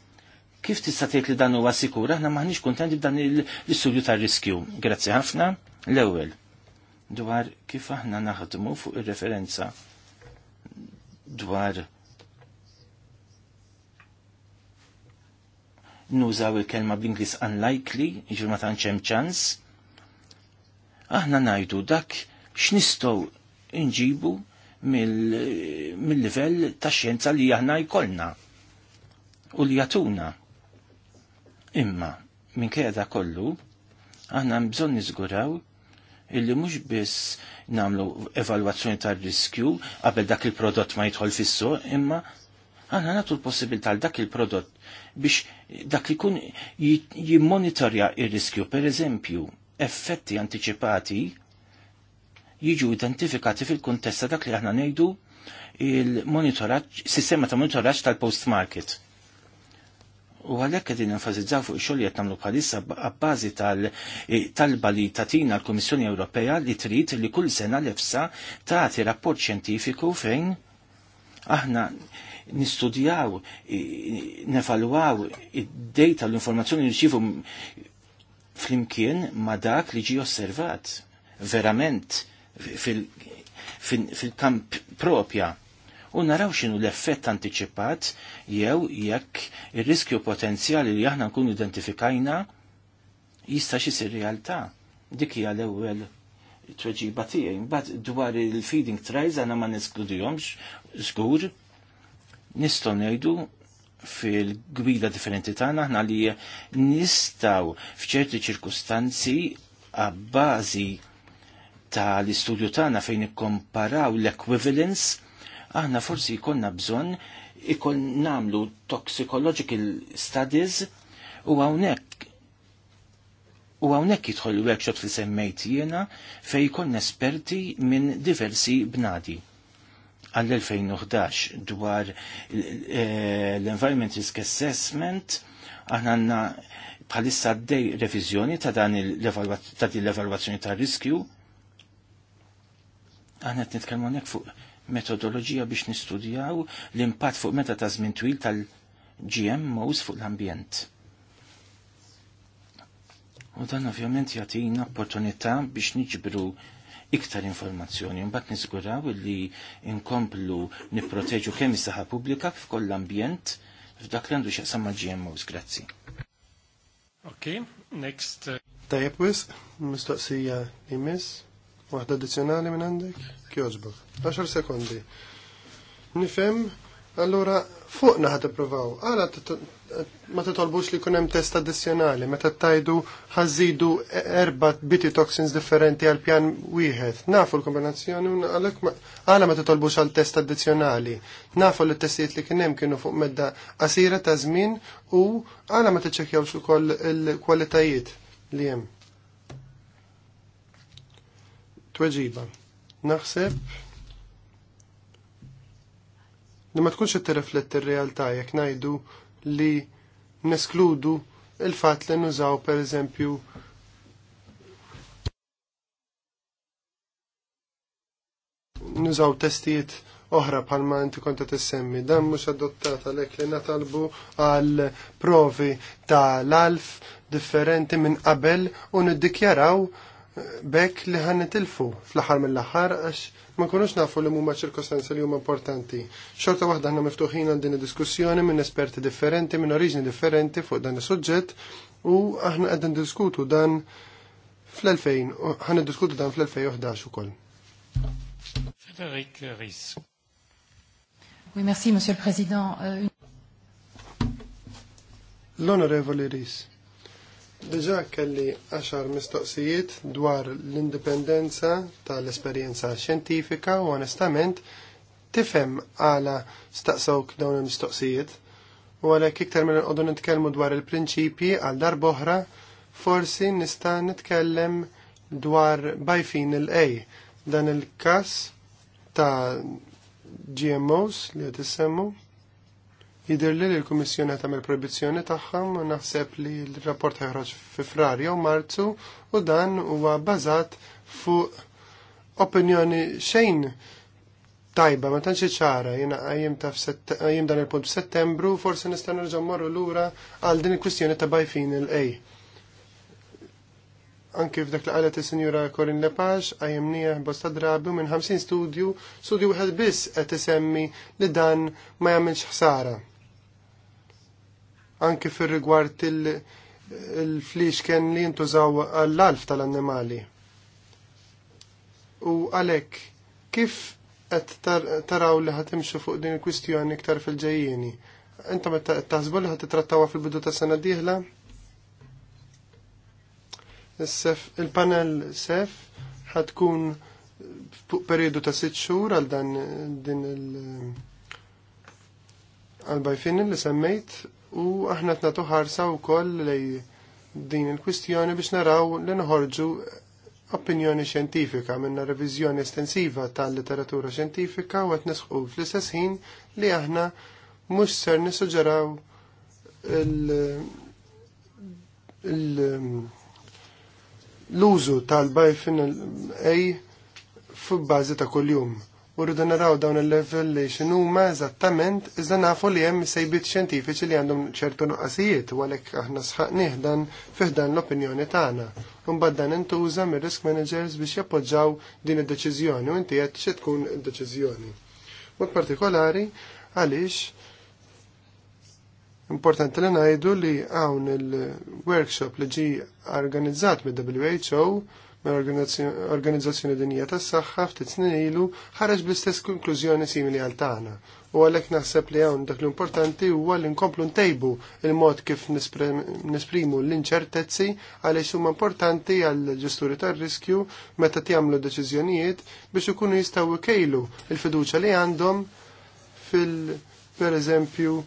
Kif tista' tgħid li dan huwa sikur? Aħna m'aħniex kontenti b'dan l-istudju tar-riskju. Grazzi ħafna. L-ewwel dwar kif aħna naħdmu fuq ir-referenza dwar nużaw il-kelma b'Inglis unlikely, jiġu ma tantx hemm ċans. Aħna ngħidu dak x'nistgħu inġibu mill-livell mil ta' xjenza li aħna jkollna u li jatuna. Imma minkejja da kollu aħna bżonn niżguraw illi mhux biss nagħmlu evalwazzjoni ta' riskju qabel dak il-prodott ma jidħol fis-suq, imma aħna nagħtu l-possibilità dak il-prodott biex dak li jkun jimmonitorja il riskju pereżempju, effetti antiċipati jiġu identifikati fil-kontesta dak li aħna ngħidu il-monitoraġġ, sistema ta' monitoraċ tal-post market U għalhekk qegħdin enfasizzaw fuq ix-xogħol qed nagħmlu bħalissa abbażi tal-talba eh, li tatina l-Kummissjoni Ewropea li trid li kull sena l-EFSA tagħti rapport xjentifiku fejn aħna nistudjaw, nevalwaw id-data l-informazzjoni li fl flimkien ma dak li ġi osservat verament fil-kamp fil, fil propja u naraw xinu l-effett anticipat jew jekk ir-riskju potenzjali li aħna nkunu identifikajna jista' xisir realtà. Dik hija l-ewwel tweġiba tiegħi. Mbagħad dwar il-feeding trials għana ma niskludihomx żgur nistgħu ngħidu fil-gwida differenti tagħna aħna li nistgħu f'ċerti ċirkustanzi għabbażi tal-istudju tagħna fejn ikkomparaw l-equivalence aħna forsi jkollna bżonn ikon namlu toxicological studies u hawnhekk u hawnhekk jidħol workshop li semmejt jiena fejn jkollna esperti minn diversi bnadi għall-2011 dwar eh, l-Environment Risk Assessment aħna għanna bħalissa għaddej revizjoni ta' dan l-evalwazzjoni ta' riskju. Għanna t-nitkelmu fuq metodoloġija biex nistudjaw l-impatt fuq meta ta' żmien twil tal-GMOs fuq l-ambjent. U dan ovvjament jagħtina opportunità biex niġbru iktar informazzjoni, mbagħad niżguraw li inkomplu nipproteġu kemm is-saħħa pubblika f'koll l-ambjent f'dak li għandu x'jaqsam ma' GMOs. Grazzi. Ok, next. Uh, Tajjeb wis, mistoqsija imis. Waħda addizzjonali minn għandek? Kjoġbok. 10 sekondi. Nifhem, allura fuqna ħad ippruvaw. Għala ma titolbux li jkun hemm test addizzjonali meta tajdu ħażidu erba' biti toxins differenti għal pjan wieħed. Nafu l-kombinazzjoni u għala ma titolbux għal test addizzjonali. Nafu li t-testijiet li kien hemm kienu fuq medda qasira ta' żmien u għala ma tiċċekkjawx ukoll il-kwalitajiet li hemm tweġiba. Naħseb li ma tkunx qed tirrifletti r-realtà jekk ngħidu li neskludu il-fatt li nużaw pereżempju nużaw testijiet oħra palma inti konta tissemmi. Dan mhux adottata għalhekk li natalbu għal provi tal-alf differenti minn qabel u niddikjaraw bekk li ħan nitilfu fl-aħħar mill-aħħar għax ma nkunux nafu li mumma ċirkostanzi li huma importanti. Xorta waħda ħna miftuħin għal din id-diskussjoni minn esperti differenti, minn oriġini differenti fuq dan is-suġġett u aħna qegħdin diskutu dan fl-2000 ħan diskutu dan fl-2011 ukoll. Frederik Ries. Oui, merci, Monsieur le Président. Euh, L'onorevole Ries. Diġa kelli 10 mistoqsijiet dwar l-indipendenza tal-esperjenza xjentifika u onestament tifhem għala staqsawk dawn il-mistoqsijiet u għalhekk iktar minn nqogħdu nitkellmu dwar il-prinċipji għal darb'oħra forsi nista' nitkellem dwar bajfin il ej dan il-każ ta' GMOs li qed Jider li l-Komissjoni tagħmel proibizzjoni tagħhom u naħseb li l-rapport ħeħroġ fi u Marzu u dan huwa bażat fuq opinjoni xejn tajba, ma tantx ċara, jiena qajjem dan il-punt f'Settembru, forsi nista' nerġa' morru lura għal din il-kwistjoni ta' bajfin il-A. Anki f'dak li qalet is-Sinjura Corin Lepage qajjem nieħ bosta drabi minn 50 studju, studju wieħed biss qed isemmi li dan ma jagħmilx ħsara anke fir rigward il-flix kien li jintużaw għall-alf tal-annimali. U għalek, kif qed taraw li ħatimxu fuq din il-kwistjoni iktar fil-ġejjieni? Inta meta taħsbu li ħat trattawa fil-bidu ta' sena dieħla? Il-panel sef ħatkun fuq periodu ta' sitt xhur għal dan din il- għal li semmejt u aħna t-natu ħarsa u koll li din il-kwistjoni biex naraw li nħorġu opinjoni xjentifika minna revizjoni estensiva tal-literatura xjentifika u għet nisħu fl-istess ħin li aħna mux ser nisuġeraw l-użu tal-bajfin A f'bażi ta' kuljum u rridu naraw dawn il-level li x'inhuma eżattament iżda nafu li hemm sejbiet xjentifiċi li għandhom ċertu nuqqasijiet u għalhekk aħna sħaq nieħdan fiħdan l-opinjoni tagħna. Imbagħad dan intuża mir-risk managers biex jappoġġaw din id-deċiżjoni u inti qed xi tkun id-deċiżjoni. Mod partikolari għaliex importanti li ngħidu li hawn il-workshop li ġi organizzat mid-WHO mill-Organizzazzjoni Dinija tas-Saħħa ftit snin ilu ħareġ bl-istess konklużjoni simili għal tagħna. U għalhekk naħseb li hawn dak l-importanti huwa li nkomplu ntejbu il-mod kif nisprimu l-inċertezzi għaliex huma importanti għal ġesturi tar-riskju meta tjamlu deċiżjonijiet biex ikunu jistgħu kejlu il-fiduċa li għandhom fil per eżempju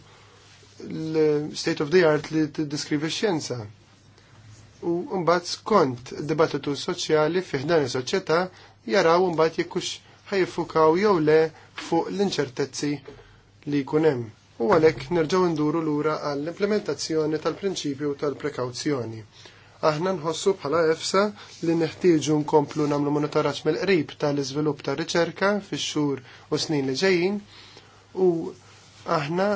l-state of the art li t-deskrivi xjenza u mbagħad skont dibattitu soċjali fih dan is-soċjetà jaraw mbagħad jekkux ħajfukaw jew le fuq l-inċertezzi li jkun hemm. U għalhekk nerġgħu nduru lura għall-implementazzjoni tal-prinċipju tal-prekawzjoni. Aħna nħossu bħala EFSA li neħtieġu nkomplu nagħmlu monitoraġġ mill-qrib tal-iżvilupp tar-riċerka fix-xhur u snin li ġejjin u aħna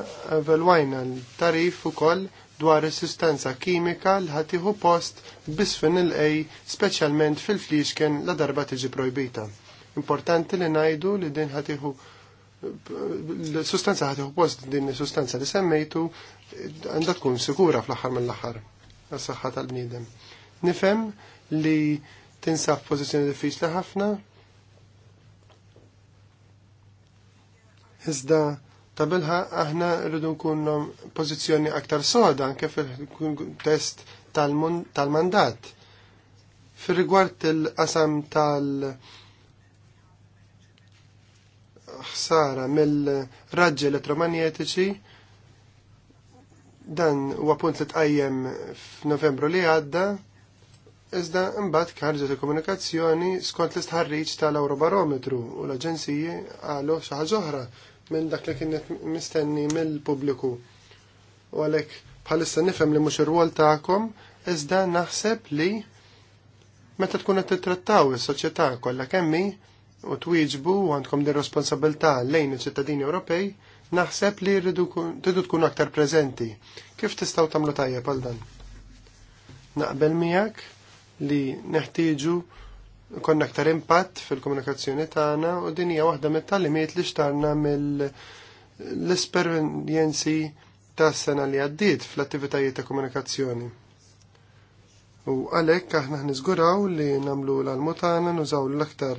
velwajna l-tarif ukoll dwar is-sustanza kimika l ħatiħu post il ej speċjalment fil-fliexken la darba tiġi projbita. Importanti li najdu li din ħatiħu l-sustanza ħatiħu post din sustanza li semmejtu għandha tkun sikura fl-aħħar mill-aħħar għas-saħħa tal-bniedem. Nifhem li tinsab pożizzjoni diffiċli ħafna iżda Ta' bilħa aħna rridu nkunnom pożizzjoni aktar soda anke fil-test tal-mandat. Tal mandat fil il-qasam tal- ħsara mill-raġġi elettromagnetiċi dan huwa punt li tqajjem f'Novembru li għadda iżda mbagħad kħarġet il-komunikazzjoni skont l-istħarriġ tal-Eurobarometru u l-Aġenziji għalu xi ħaġa oħra minn dak li kienet mistenni mill-pubbliku. U għalhekk bħalissa nifhem li mhux ir-rwol tagħkom, iżda naħseb li meta tkun qed titrattaw is-soċjetà kollha kemmi u twieġbu u għandkom din responsabilità lejn iċ-ċittadini Ewropej, naħseb li rridu tkunu aktar preżenti. Kif tistgħu tagħmlu tajjeb għal dan? Naqbel miegħek li neħtieġu konna aktar impatt fil-komunikazzjoni tagħna u din hija waħda mit-tallimiet li xtarna mill-esperjenzi ta' sena li għaddiet fl-attivitajiet ta' komunikazzjoni. U għalhekk aħna niżguraw li nagħmlu l-almu tagħna nużaw l-aktar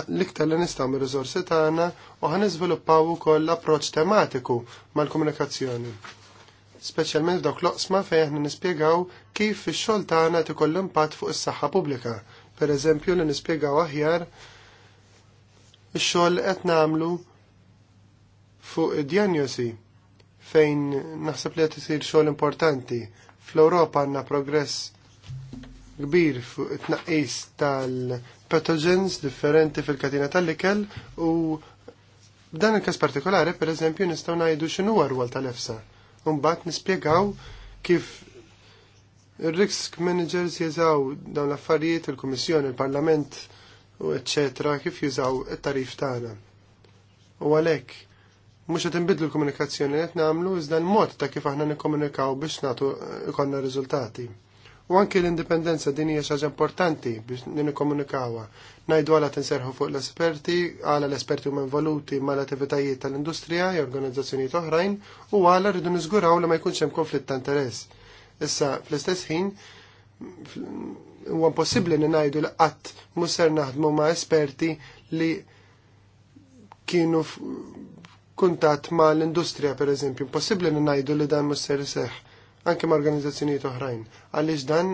l-iktar li nistgħu mir-riżorsi tagħna u ħaniżviluppaw ukoll approċċ tematiku mal-komunikazzjoni. Speċjalment f'dawk l-oqsma fejn aħna nispjegaw kif ix-xogħol tagħna tikollu impatt fuq is-saħħa pubblika pereżempju li nispjegaw aħjar ix-xogħol qed nagħmlu fuq id djanjosi fejn naħseb li qed isir xogħol importanti. Fl-Ewropa għandna progress kbir fuq it-tnaqqis tal-pathogens differenti fil-katina tal-ikel u b'dan il-każ partikolari pereżempju nistgħu ngħidu x'inhu rwol tal-efsa. Mbagħad nispjegaw kif Il-risk managers jizaw dawn l-affarijiet il-Kummissjoni, il-Parlament u eccetera kif jizaw it-tarif tagħna. U għalhekk mhux qed inbidlu l-komunikazzjoni qed nagħmlu iżda l-mod ta' kif aħna nikkomunikaw biex nagħtu ikonna riżultati. U anki l-indipendenza din hija xi ħaġa importanti biex nikkomunikawha. Ngħidu għala tinserħu fuq l-esperti, għala l-esperti huma involuti mal-attivitajiet tal-industrija, organizzazzjonijiet oħrajn, u għala rridu niżguraw li ma jkunx hemm konflitt ta' interess Issa fl-istess ħin huwa possibbli li ngħidu li qatt musser naħdmu ma' esperti li kienu kuntat ma' l-industrija pereżempju. Possibbli li ngħidu li dan mhux seħ iseħħ anke ma' organizzazzjonijiet oħrajn. Għaliex dan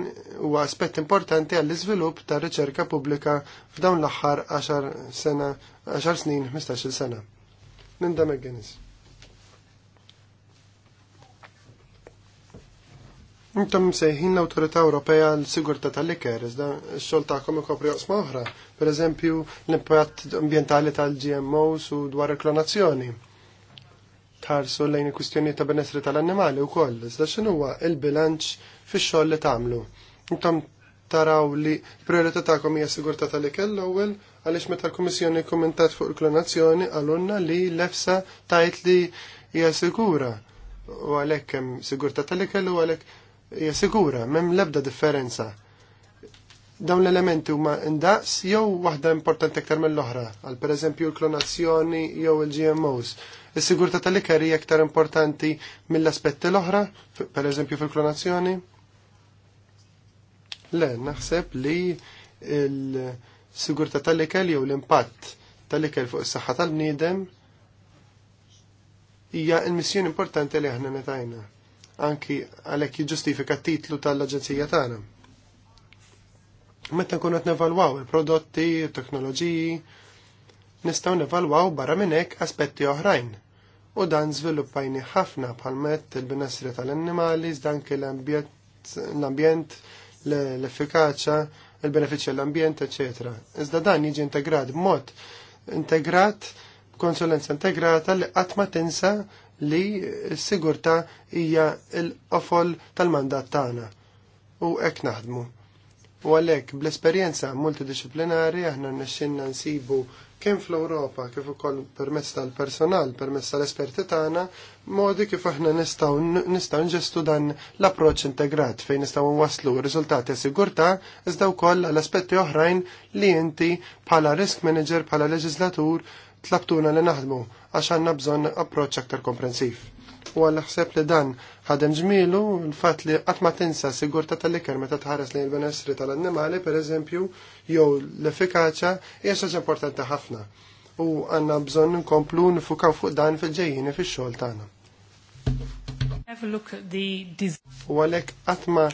huwa aspett importanti għall iżvilupp ta' riċerka pubblika f'dawn l-aħħar 10 sena, 10 snin, 15-il sena. Ninda McGuinness. Intom sejħin l-Autorità Ewropea l-Sigurta tal liker iżda x-xol tagħkom ikopri oqsma oħra, pereżempju l-impatt ambjentali tal-GMOs u dwar il-klonazzjoni. Tħarsu lejn il-kwistjoni ta' benessri tal-annimali wkoll, iżda x'inhu huwa il-bilanċ fix-xogħol li tagħmlu. Intom taraw li priorità tagħkom hija sigurtà tal liker l-ewwel għaliex meta l-Kummissjoni kommentat fuq il-klonazzjoni għalunna li l-EFSA tajt li hija sigura u għalhekk hemm sigurtà tal-ikel u għalhekk hija sigura, m'hemm l-ebda differenza. Dawn l-elementi huma indaqs jew waħda importanti aktar mill-oħra, għal pereżempju l-klonazzjoni jew il-GMOs. Is-sigurtà tal-iker hija aktar importanti mill-aspetti l-oħra, pereżempju fil-klonazzjoni? Le, naħseb li il-sigurtà tal-ikel jew l-impatt tal-ikel fuq is-saħħa tal-bniedem hija l-missjoni importanti li aħna netajna anki għalhekk jiġġustifika t-titlu tal-aġenzija tagħna. Meta nkunu qed nevalwaw il-prodotti, it-teknoloġiji, nistgħu nevalwaw barra minn hekk aspetti oħrajn u dan żviluppajni ħafna bħalmet il-benessri tal-annimali, zdanki l-ambjent, l-effikaċa, il-benefiċċja l-ambjent, eċetera. Iżda dan jiġi integrat b'mod integrat, konsulenza integrata li qatt ma tinsa li s-sigurta hija l-qofol tal-mandat tagħna u hekk naħdmu. U għalhekk bl-esperjenza multidisciplinari aħna nixxinna nsibu kemm fl-Ewropa kif ukoll permezz tal-personal, permezz tal-esperti tagħna, modi kif aħna nistgħu nistgħu nġestu dan l-approċċ integrat fejn nistgħu nwasslu riżultati sigurtà iżda wkoll għall aspetti oħrajn li inti bħala risk manager, bħala leġislatur tlabtuna li naħdmu għax għandna bżonn approċċ aktar komprensiv. U għal ħseb li dan ħadem ġmielu l-fatt li qatt ma tinsa sigurta tal-iker meta tħares lejn il-benessri tal-annimali pereżempju jew l effikaċja hija xaġa importanti ħafna. U għandna bżonn nkomplu nifukaw fuq dan fil-ġejjini fix-xogħol tagħna. U għalhekk qatt ma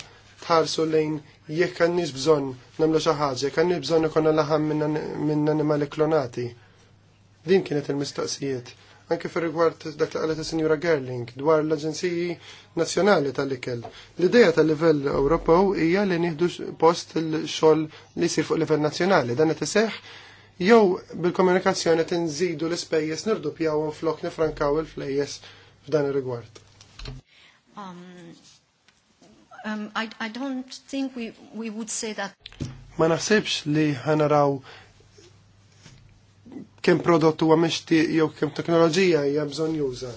tħarsu lejn jekk għandniex bżonn nagħmlu xi ħaġa, jekk għandniex bżonn ikun laħam minn animali klonati Din kienet il-mistaqsijiet. Anke fir rigward dak li qalet is-Sinjura Gerling dwar l-Aġenziji Nazzjonali tal-Ikel. L-idea tal-livell Ewropew hija li nieħdu post il-xogħol li jsir fuq livell nazzjonali. Dan qed iseħħ jew bil-komunikazzjoni tinżidu l-ispejjeż nirdupjawhom flok nifrankaw il flejjeż f'dan ir-rigward. Um, um, Ma naħsibx li ħanaraw kemm prodott huwa mixtieq jew kemm teknoloġija hija bżonn juża.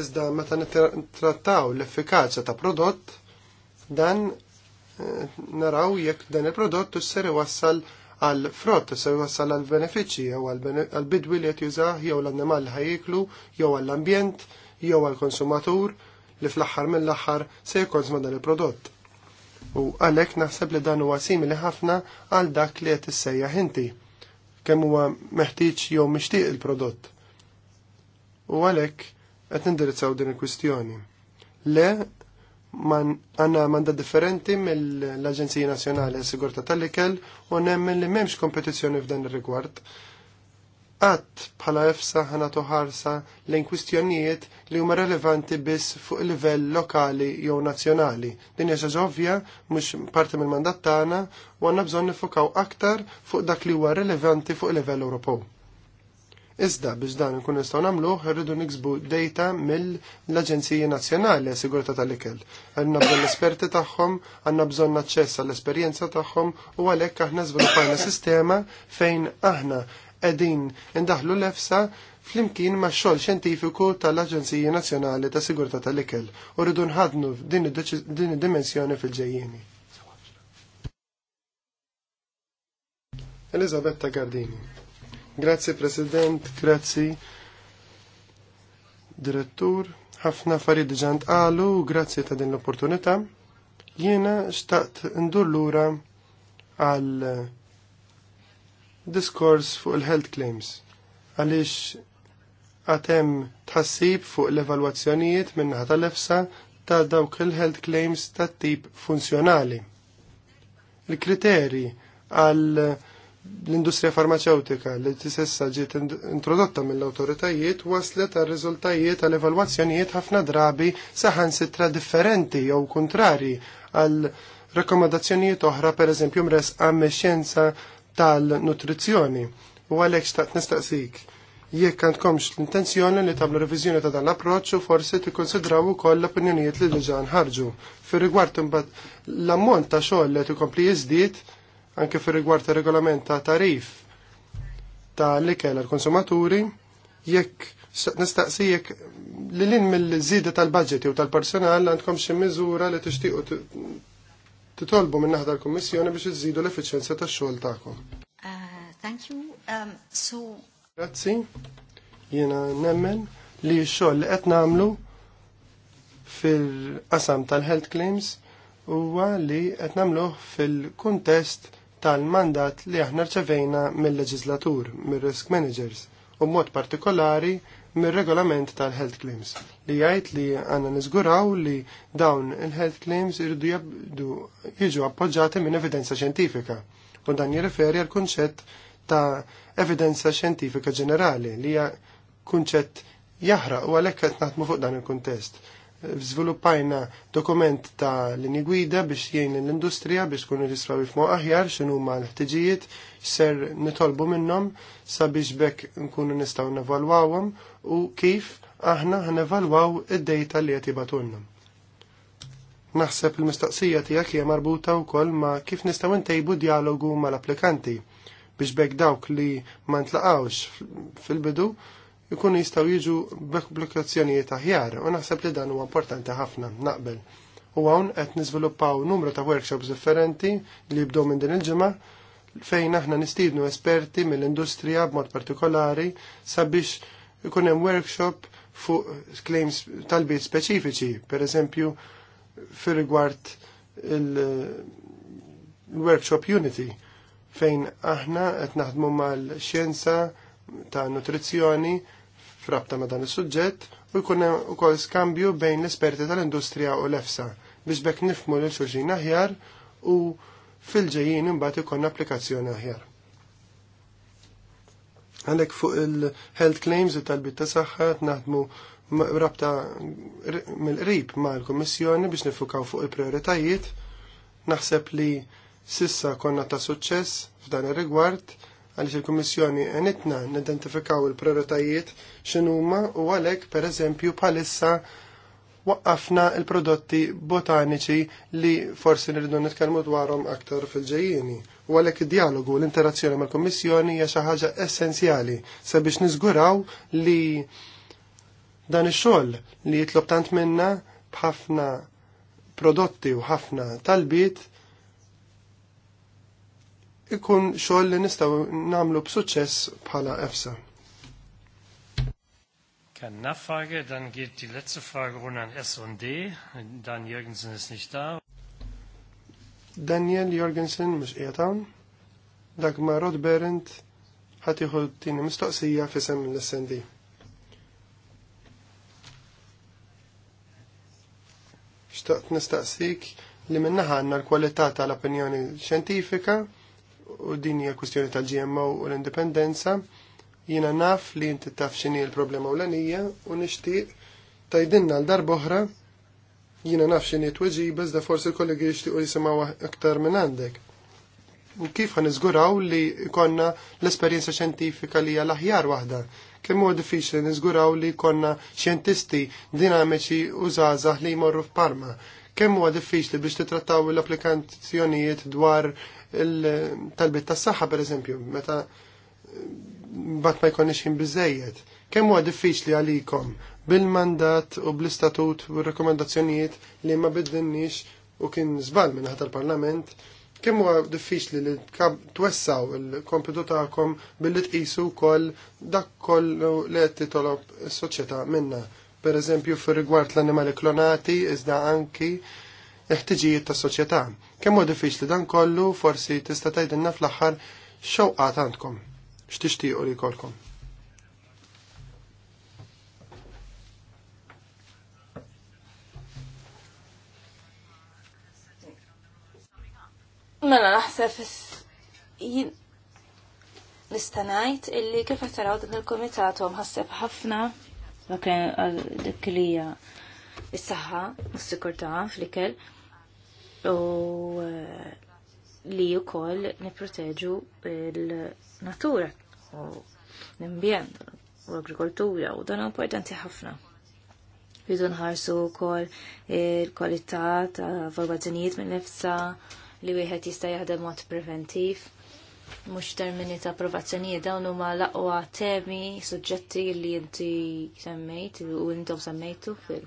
Iżda meta nittrattaw l-effikaċja ta' prodott, dan eh, naraw jekk dan il-prodott isser iwassal għal frott, isser iwassal għal benefiċċji jew għal bidwi li qed jużah jew l-annimal li ħajjiklu jew għall-ambjent jew għall-konsumatur li fl-aħħar mill-aħħar se jkun dan il-prodott. U għalhekk naħseb li dan huwa simili ħafna għal dak li qed issejjaħ inti kemm huwa meħtieġ jew mixtieq il-prodott. U għalhekk qed nindirizzaw din il-kwistjoni. Le man għanna manda differenti mill-Aġenzija Nazzjonali għas sigurtà tal-Ikel u nemmen li m'hemmx kompetizzjoni f'dan ir-rigward Qatt bħala efsa ħana toħarsa lejn kwistjonijiet li huma relevanti biss fuq livell lokali jew nazzjonali. Din hija ovvja mhux parti mill-mandat tagħna u għandna bżonn nifokaw aktar fuq dak li huwa relevanti fuq livell Ewropew. Iżda biex dan nkun nistgħu nagħmluh irridu niksbu data mill-Aġenziji Nazzjonali għas-Sigurtà tal-Ikel. Għandna bżonn l-esperti tagħhom, għandna bżonn aċċess għall-esperjenza tagħhom u għalhekk aħna żviluppajna sistema fejn aħna qegħdin indaħlu l-EFSA flimkien ma' xogħol xjentifiku tal-Aġenziji Nazzjonali ta' Sigurtà tal-Ikel u rridu nħadnu din id-dimensjoni fil ġejjini Elizabetta Gardini. Grazzi President, grazie, Direttur, ħafna farid ġant għalu, grazzi ta' din l-opportunità. Jiena xtaqt ndur lura għal diskors fuq il-health claims għaliex għatem tħassib fuq l-evalwazzjonijiet minnaħa tal-EFSA ta' dawk il-health claims ta' tip funzjonali. Il-kriteri għal l-industrija farmaceutika li tisessa ġiet introdotta mill-autoritajiet waslet għal riżultajiet għal evalwazzjonijiet ħafna drabi saħan sitra differenti jew kontrari għal rekomendazzjonijiet oħra per eżempju mres għamme xjenza tal-nutrizzjoni. U għalhekk xtaqt nistaqsik jekk għandkomx l-intenzjoni li tagħmlu revizjoni ta' dan l-approċċ u forsi tikkonsidraw ukoll l-opinjonijiet li diġà nħarġu. Fir-rigward imbagħad l-ammont ta' xogħol li tikompli jiżdied anke fir-rigward ta' regolament ta' tarif ta' l-ikel l konsumaturi jekk nistaqsijek li l-in mill-żida tal-budget u tal-personal għandkom xi miżura li tixtiequ titolbu minn naħda l-Kummissjoni biex iżidu l efficienza tax-xogħol tagħkom. Uh, thank you. Um, so... Grazzi. Jiena nemmen li x-xogħol li qed nagħmlu fil-qasam tal-health claims huwa li qed nagħmluh fil-kuntest tal-mandat li aħna rċevejna mill-leġislatur, mill-risk managers, u mod partikolari mir-regolament tal-health claims li jgħid li għanna niżguraw li dawn il-health claims irridu jabdu jiġu appoġġati minn evidenza xjentifika u dan jirriferi għal kunċett ta' evidenza xjentifika ġenerali li hija kunċett jaħraq u għalhekk qed naħdmu fuq dan il-kuntest. Żviluppajna dokument ta' linji gwida biex jgħin l-industrija biex kunu jisraw jifmu aħjar x'inhu ma l-ħtiġijiet ser nitolbu minnhom sabiex bekk nkunu nistgħu nevalwawhom u kif aħna ħanevalwaw id-dejta li qed jibatulna. Naħseb il-mistaqsija tiegħek hija marbuta wkoll ma' kif nistgħu ntejbu dialogu mal-applikanti biex bekk dawk li ma ntlaqawx fil-bidu jkunu jistgħu jiġu b'applikazzjonijiet aħjar u naħseb li dan huwa importanti ħafna naqbel. U hawn qed niżviluppaw numru ta' workshops differenti li jibdew minn din il-ġimgħa fejn aħna nistiednu esperti mill-industrija b'mod partikolari sabiex ikun hemm workshop fuq claims talbiet speċifiċi, per eżempju fir-rigward il-workshop eh, Unity fejn aħna qed naħdmu mal-xjenza ta' nutrizzjoni frabta ma' dan is-suġġett u jkun hemm ukoll skambju bejn l-esperti tal-industrija u l-efsa biex bekk nifmu lil xulxin aħjar u fil-ġejjin imbagħad ikun applikazzjoni aħjar għandek fuq il-health claims u talbit ta' saħħa naħdmu rabta mill-qrib ma' l-Kommissjoni biex nifukaw fuq il-prioritajiet. Naħseb li sissa konna ta' suċċess f'dan ir-rigward għaliex il-Kummissjoni għenitna nidentifikaw il-prioritajiet x'inhuma u għalhekk pereżempju bħalissa waqqafna il-prodotti botaniċi li forsi nirridu nitkellmu dwarhom aktar fil-ġejjieni u għalhekk id-dialogu u l-interazzjoni mal-Kummissjoni hija xi ħaġa essenzjali sabiex niżguraw li dan ix-xogħol li jitlob tant minna b'ħafna prodotti u ħafna talbiet ikun xogħol li nistgħu nagħmlu b'suċċess bħala EFSA. Kan Nachfrage, dann geht die letzte Frage runter an S&D. Dan Jürgensen ist nicht da. Daniel Jorgensen mux qiegħed Dagmar Rod Berend ħadd t tieni mistoqsija fisem l-SND. Xtaqt nistaqsik li minna għandna l-kwalità tal-opinjoni xjentifika u din hija kwistjoni tal-GMO u l-indipendenza. Jiena naf li inti taf x'inhi l-problema u l anija u nixtieq tajdinna l-darboħra Jina naf xini t-weġiba, zda forsi kollegi jishtiqu jisimaw aktar minn għandek. Kif għan izguraw li konna l-esperienza xentifika li għal aħjar wahda? Kemm huwa diffiċli niżguraw li konna xjentisti dinamiċi u żgħażagħ li jmorru f'Parma. Kemm huwa diffiċli biex titrattaw l-applikazzjonijiet dwar il-talbit tas-saħħa pereżempju, meta bat ma jkollniex ħin biżejjed. Kemm huwa diffiċli għalikom bil-mandat u bl-istatut u rekomendazzjonijiet li ma biddinniex u kien żball minn ħadd parlament kemm huwa diffiċli li twessaw il-kompetu tagħkom billi tqisu wkoll dak kollu li qed titolob is-soċjetà minna. Per eżempju fir-rigward l-annimali klonati iżda anki l-ħtiġijiet tas-soċjetà. Kemm huwa diffiċli dan kollu forsi tista' tgħidilna fl-aħħar xewqa għandkom. X'tixtiequ li jkollkom. Mela naħseb jien nista' ngħid illi kif qed taraw din il-kumitat huwa mħasseb ħafna dak dik li hija s-saħħa s-sikurtà fl-ikel u eh, li wkoll nipproteġu l-natura u l-imbjent u l-agrikoltura u dan importanti ħafna. Rridu nħarsu wkoll il-kwalità ta' valwazzjonijiet minn nifsa' li wieħed jista' jaħdem mod preventiv. Mhux termini ta' approvazzjonijiet dawn huma laqwa temi, suġġetti li inti semmejt u intom semmejtu fil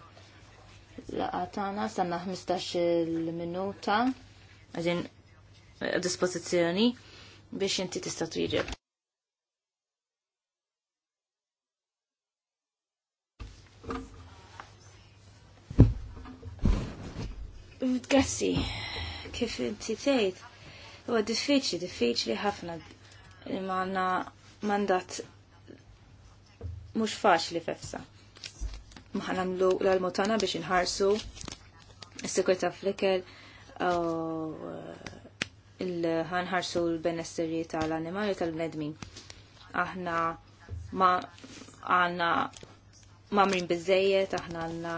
laqa tagħna stanna 15 minuta għadin dispożizzjoni biex inti tista' twieġeb. Grazie kif inti tgħid. Huwa diffiċli, diffiċli ħafna għandna mandat mhux faċli fefsa. Ma nagħmlu l-almutana biex inħarsu s-sikurta fl-ikel eh, ħanħarsu l-benesseri tal-animali tal-bnedmin. Aħna ma għanna mamrin bizzejiet, aħna għanna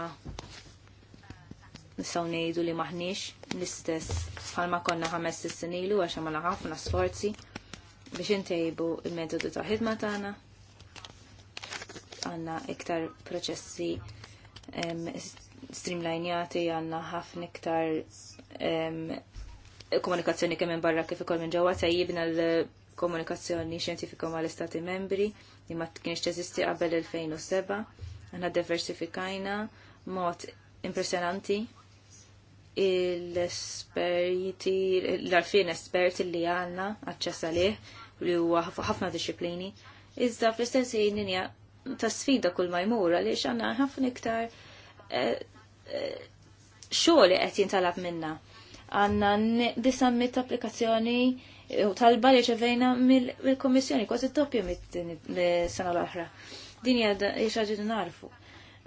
nistaw nejdu li maħniex l-istess bħalma konna ħames s-sinilu għax ma ħafna sforzi biex intejbu il-metodu ta' ħidma tagħna. Għanna iktar proċessi streamlinjati, għanna ħafna iktar komunikazzjoni kemm barra kif ukoll minn ġewwa tajjibna l-komunikazzjoni xjentifika mal-istati membri li ma kienx teżisti qabel 2007. Għanna diversifikajna mod impressionanti l-esperti, l-arfin esperti li għanna għacċess għalih li huwa ħafna disciplini, Iżda fl-istess linja ta' sfida kull ma li għaliex għandna ħafna iktar eh, eh, xogħol li qed jintalab minna. Għandna disammit applikazzjoni u talba li ċevejna mill-Komissjoni, kważi doppju mit-sena l-oħra. Din hija xi narfu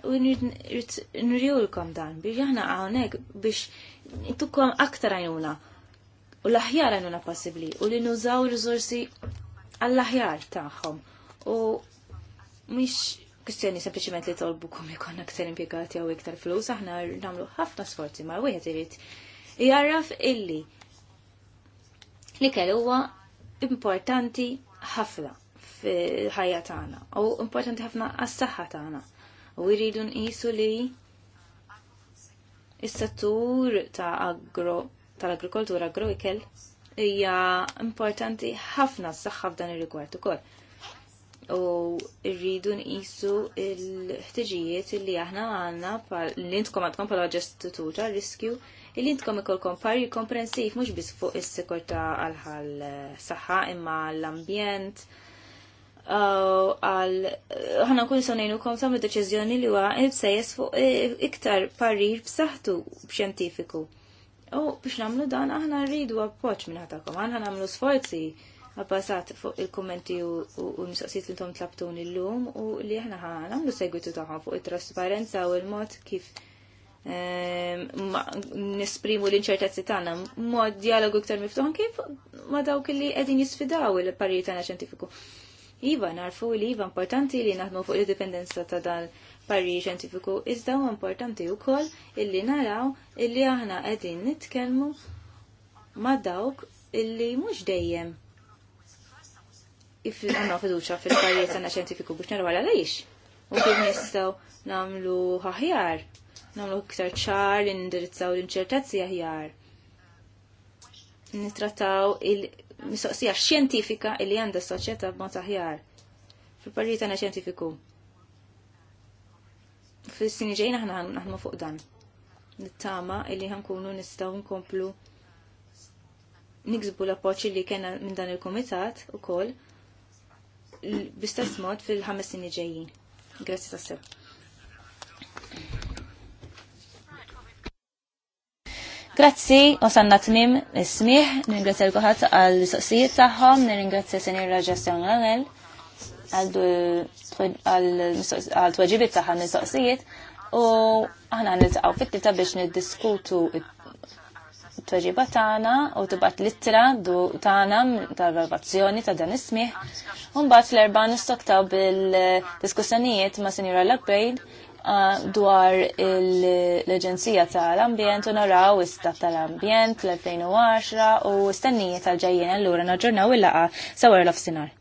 u nriwilkom dan biex jahna hawnhekk biex intukom aktar għajnuna u l-aħjar għajnuna possibbli u li nużaw rizorsi għall-aħjar tagħhom u mhix kustjoni sempliċement li tolbukom jikon aktar impjegati għaw iktar flus, aħna namlu ħafna sforzi ma' wieħed irid jarraf illi li kell huwa importanti ħafna fil-ħajja tagħna u importanti ħafna għas-saħħa tagħna u jridu nqisu li is-settur ta' agro tal-agrikoltura agroikel hija importanti ħafna s-saħħa f'dan ir-rigward ukoll. U rridu nqisu l-ħtiġijiet li aħna għandna li intkom għandkom bħala ġestitur ta' riskju li intkom ikolkom pari komprensiv mhux biss fuq is ta' għal saħħa imma l-ambjent, għal ħana kun sonajnu kom samlu deċizjoni li huwa sejjes fuq eh, iktar parir b'saħħtu b'xjentifiku. U biex namlu dan aħna rridu appoġġ minn ħatakom, aħna namlu sforzi għabbażat fuq il-kommenti u l mistoqsijiet li tom tlabtun illum u li aħna ħanamlu segwitu tagħhom fuq it-trasparenza u l-mod kif ehm, nisprimu l-inċertezzi tagħna mod dialogu iktar miftuħ kif ma dawk li qegħdin jisfidaw il-parijiet tagħna xjentifiku. Iva, narfu li iva importanti li naħdmu fuq il-dipendenza ta' dal parri xentifiku iżda huwa importanti wkoll illi naraw illi aħna qegħdin nitkellmu ma' dawk illi mhux dejjem if għanna fiduċa fil parri għanna xentifiku biex naraw għala lejx. U kif nistaw namlu ħahjar, namlu ktar ċar, indirizzaw l-inċertazzi ħahjar. Nitrattaw il- mistoqsija xjentifika illi għandha s-soċjetà b'mod aħjar. Fil-parrijiet għandna xjentifiku. Fis-sini ġejjin aħna għanna fuq dan. Nittama illi ħankunu nistgħu nkomplu niksbu l-appoċ li kena minn dan il-komitat u koll bistess mod fil-ħames sini ġejjin. Grazzi tassew. Grazzi, u sanna tmim ismiħ, nirringrazzja l-kuħat għal-soqsijiet taħħom, nirringrazzja senir raġastjon għanel, għal-tweġibit taħħom l-soqsijiet, u għana nil-taqaw fit tita biex nid-diskutu t-tweġiba taħna u tibat littra du taħna tal-valvazzjoni ta' dan is-smih, un bat l-erba nistaktaw bil-diskussjonijiet ma' senjura Lakbejn dwar l-Aġenzija tal-Ambjent u naraw istat tal-Ambjent l-2010 u stennijiet tal-ġajjien l-lura naġġornaw il-laqa sawar l-ofsinar.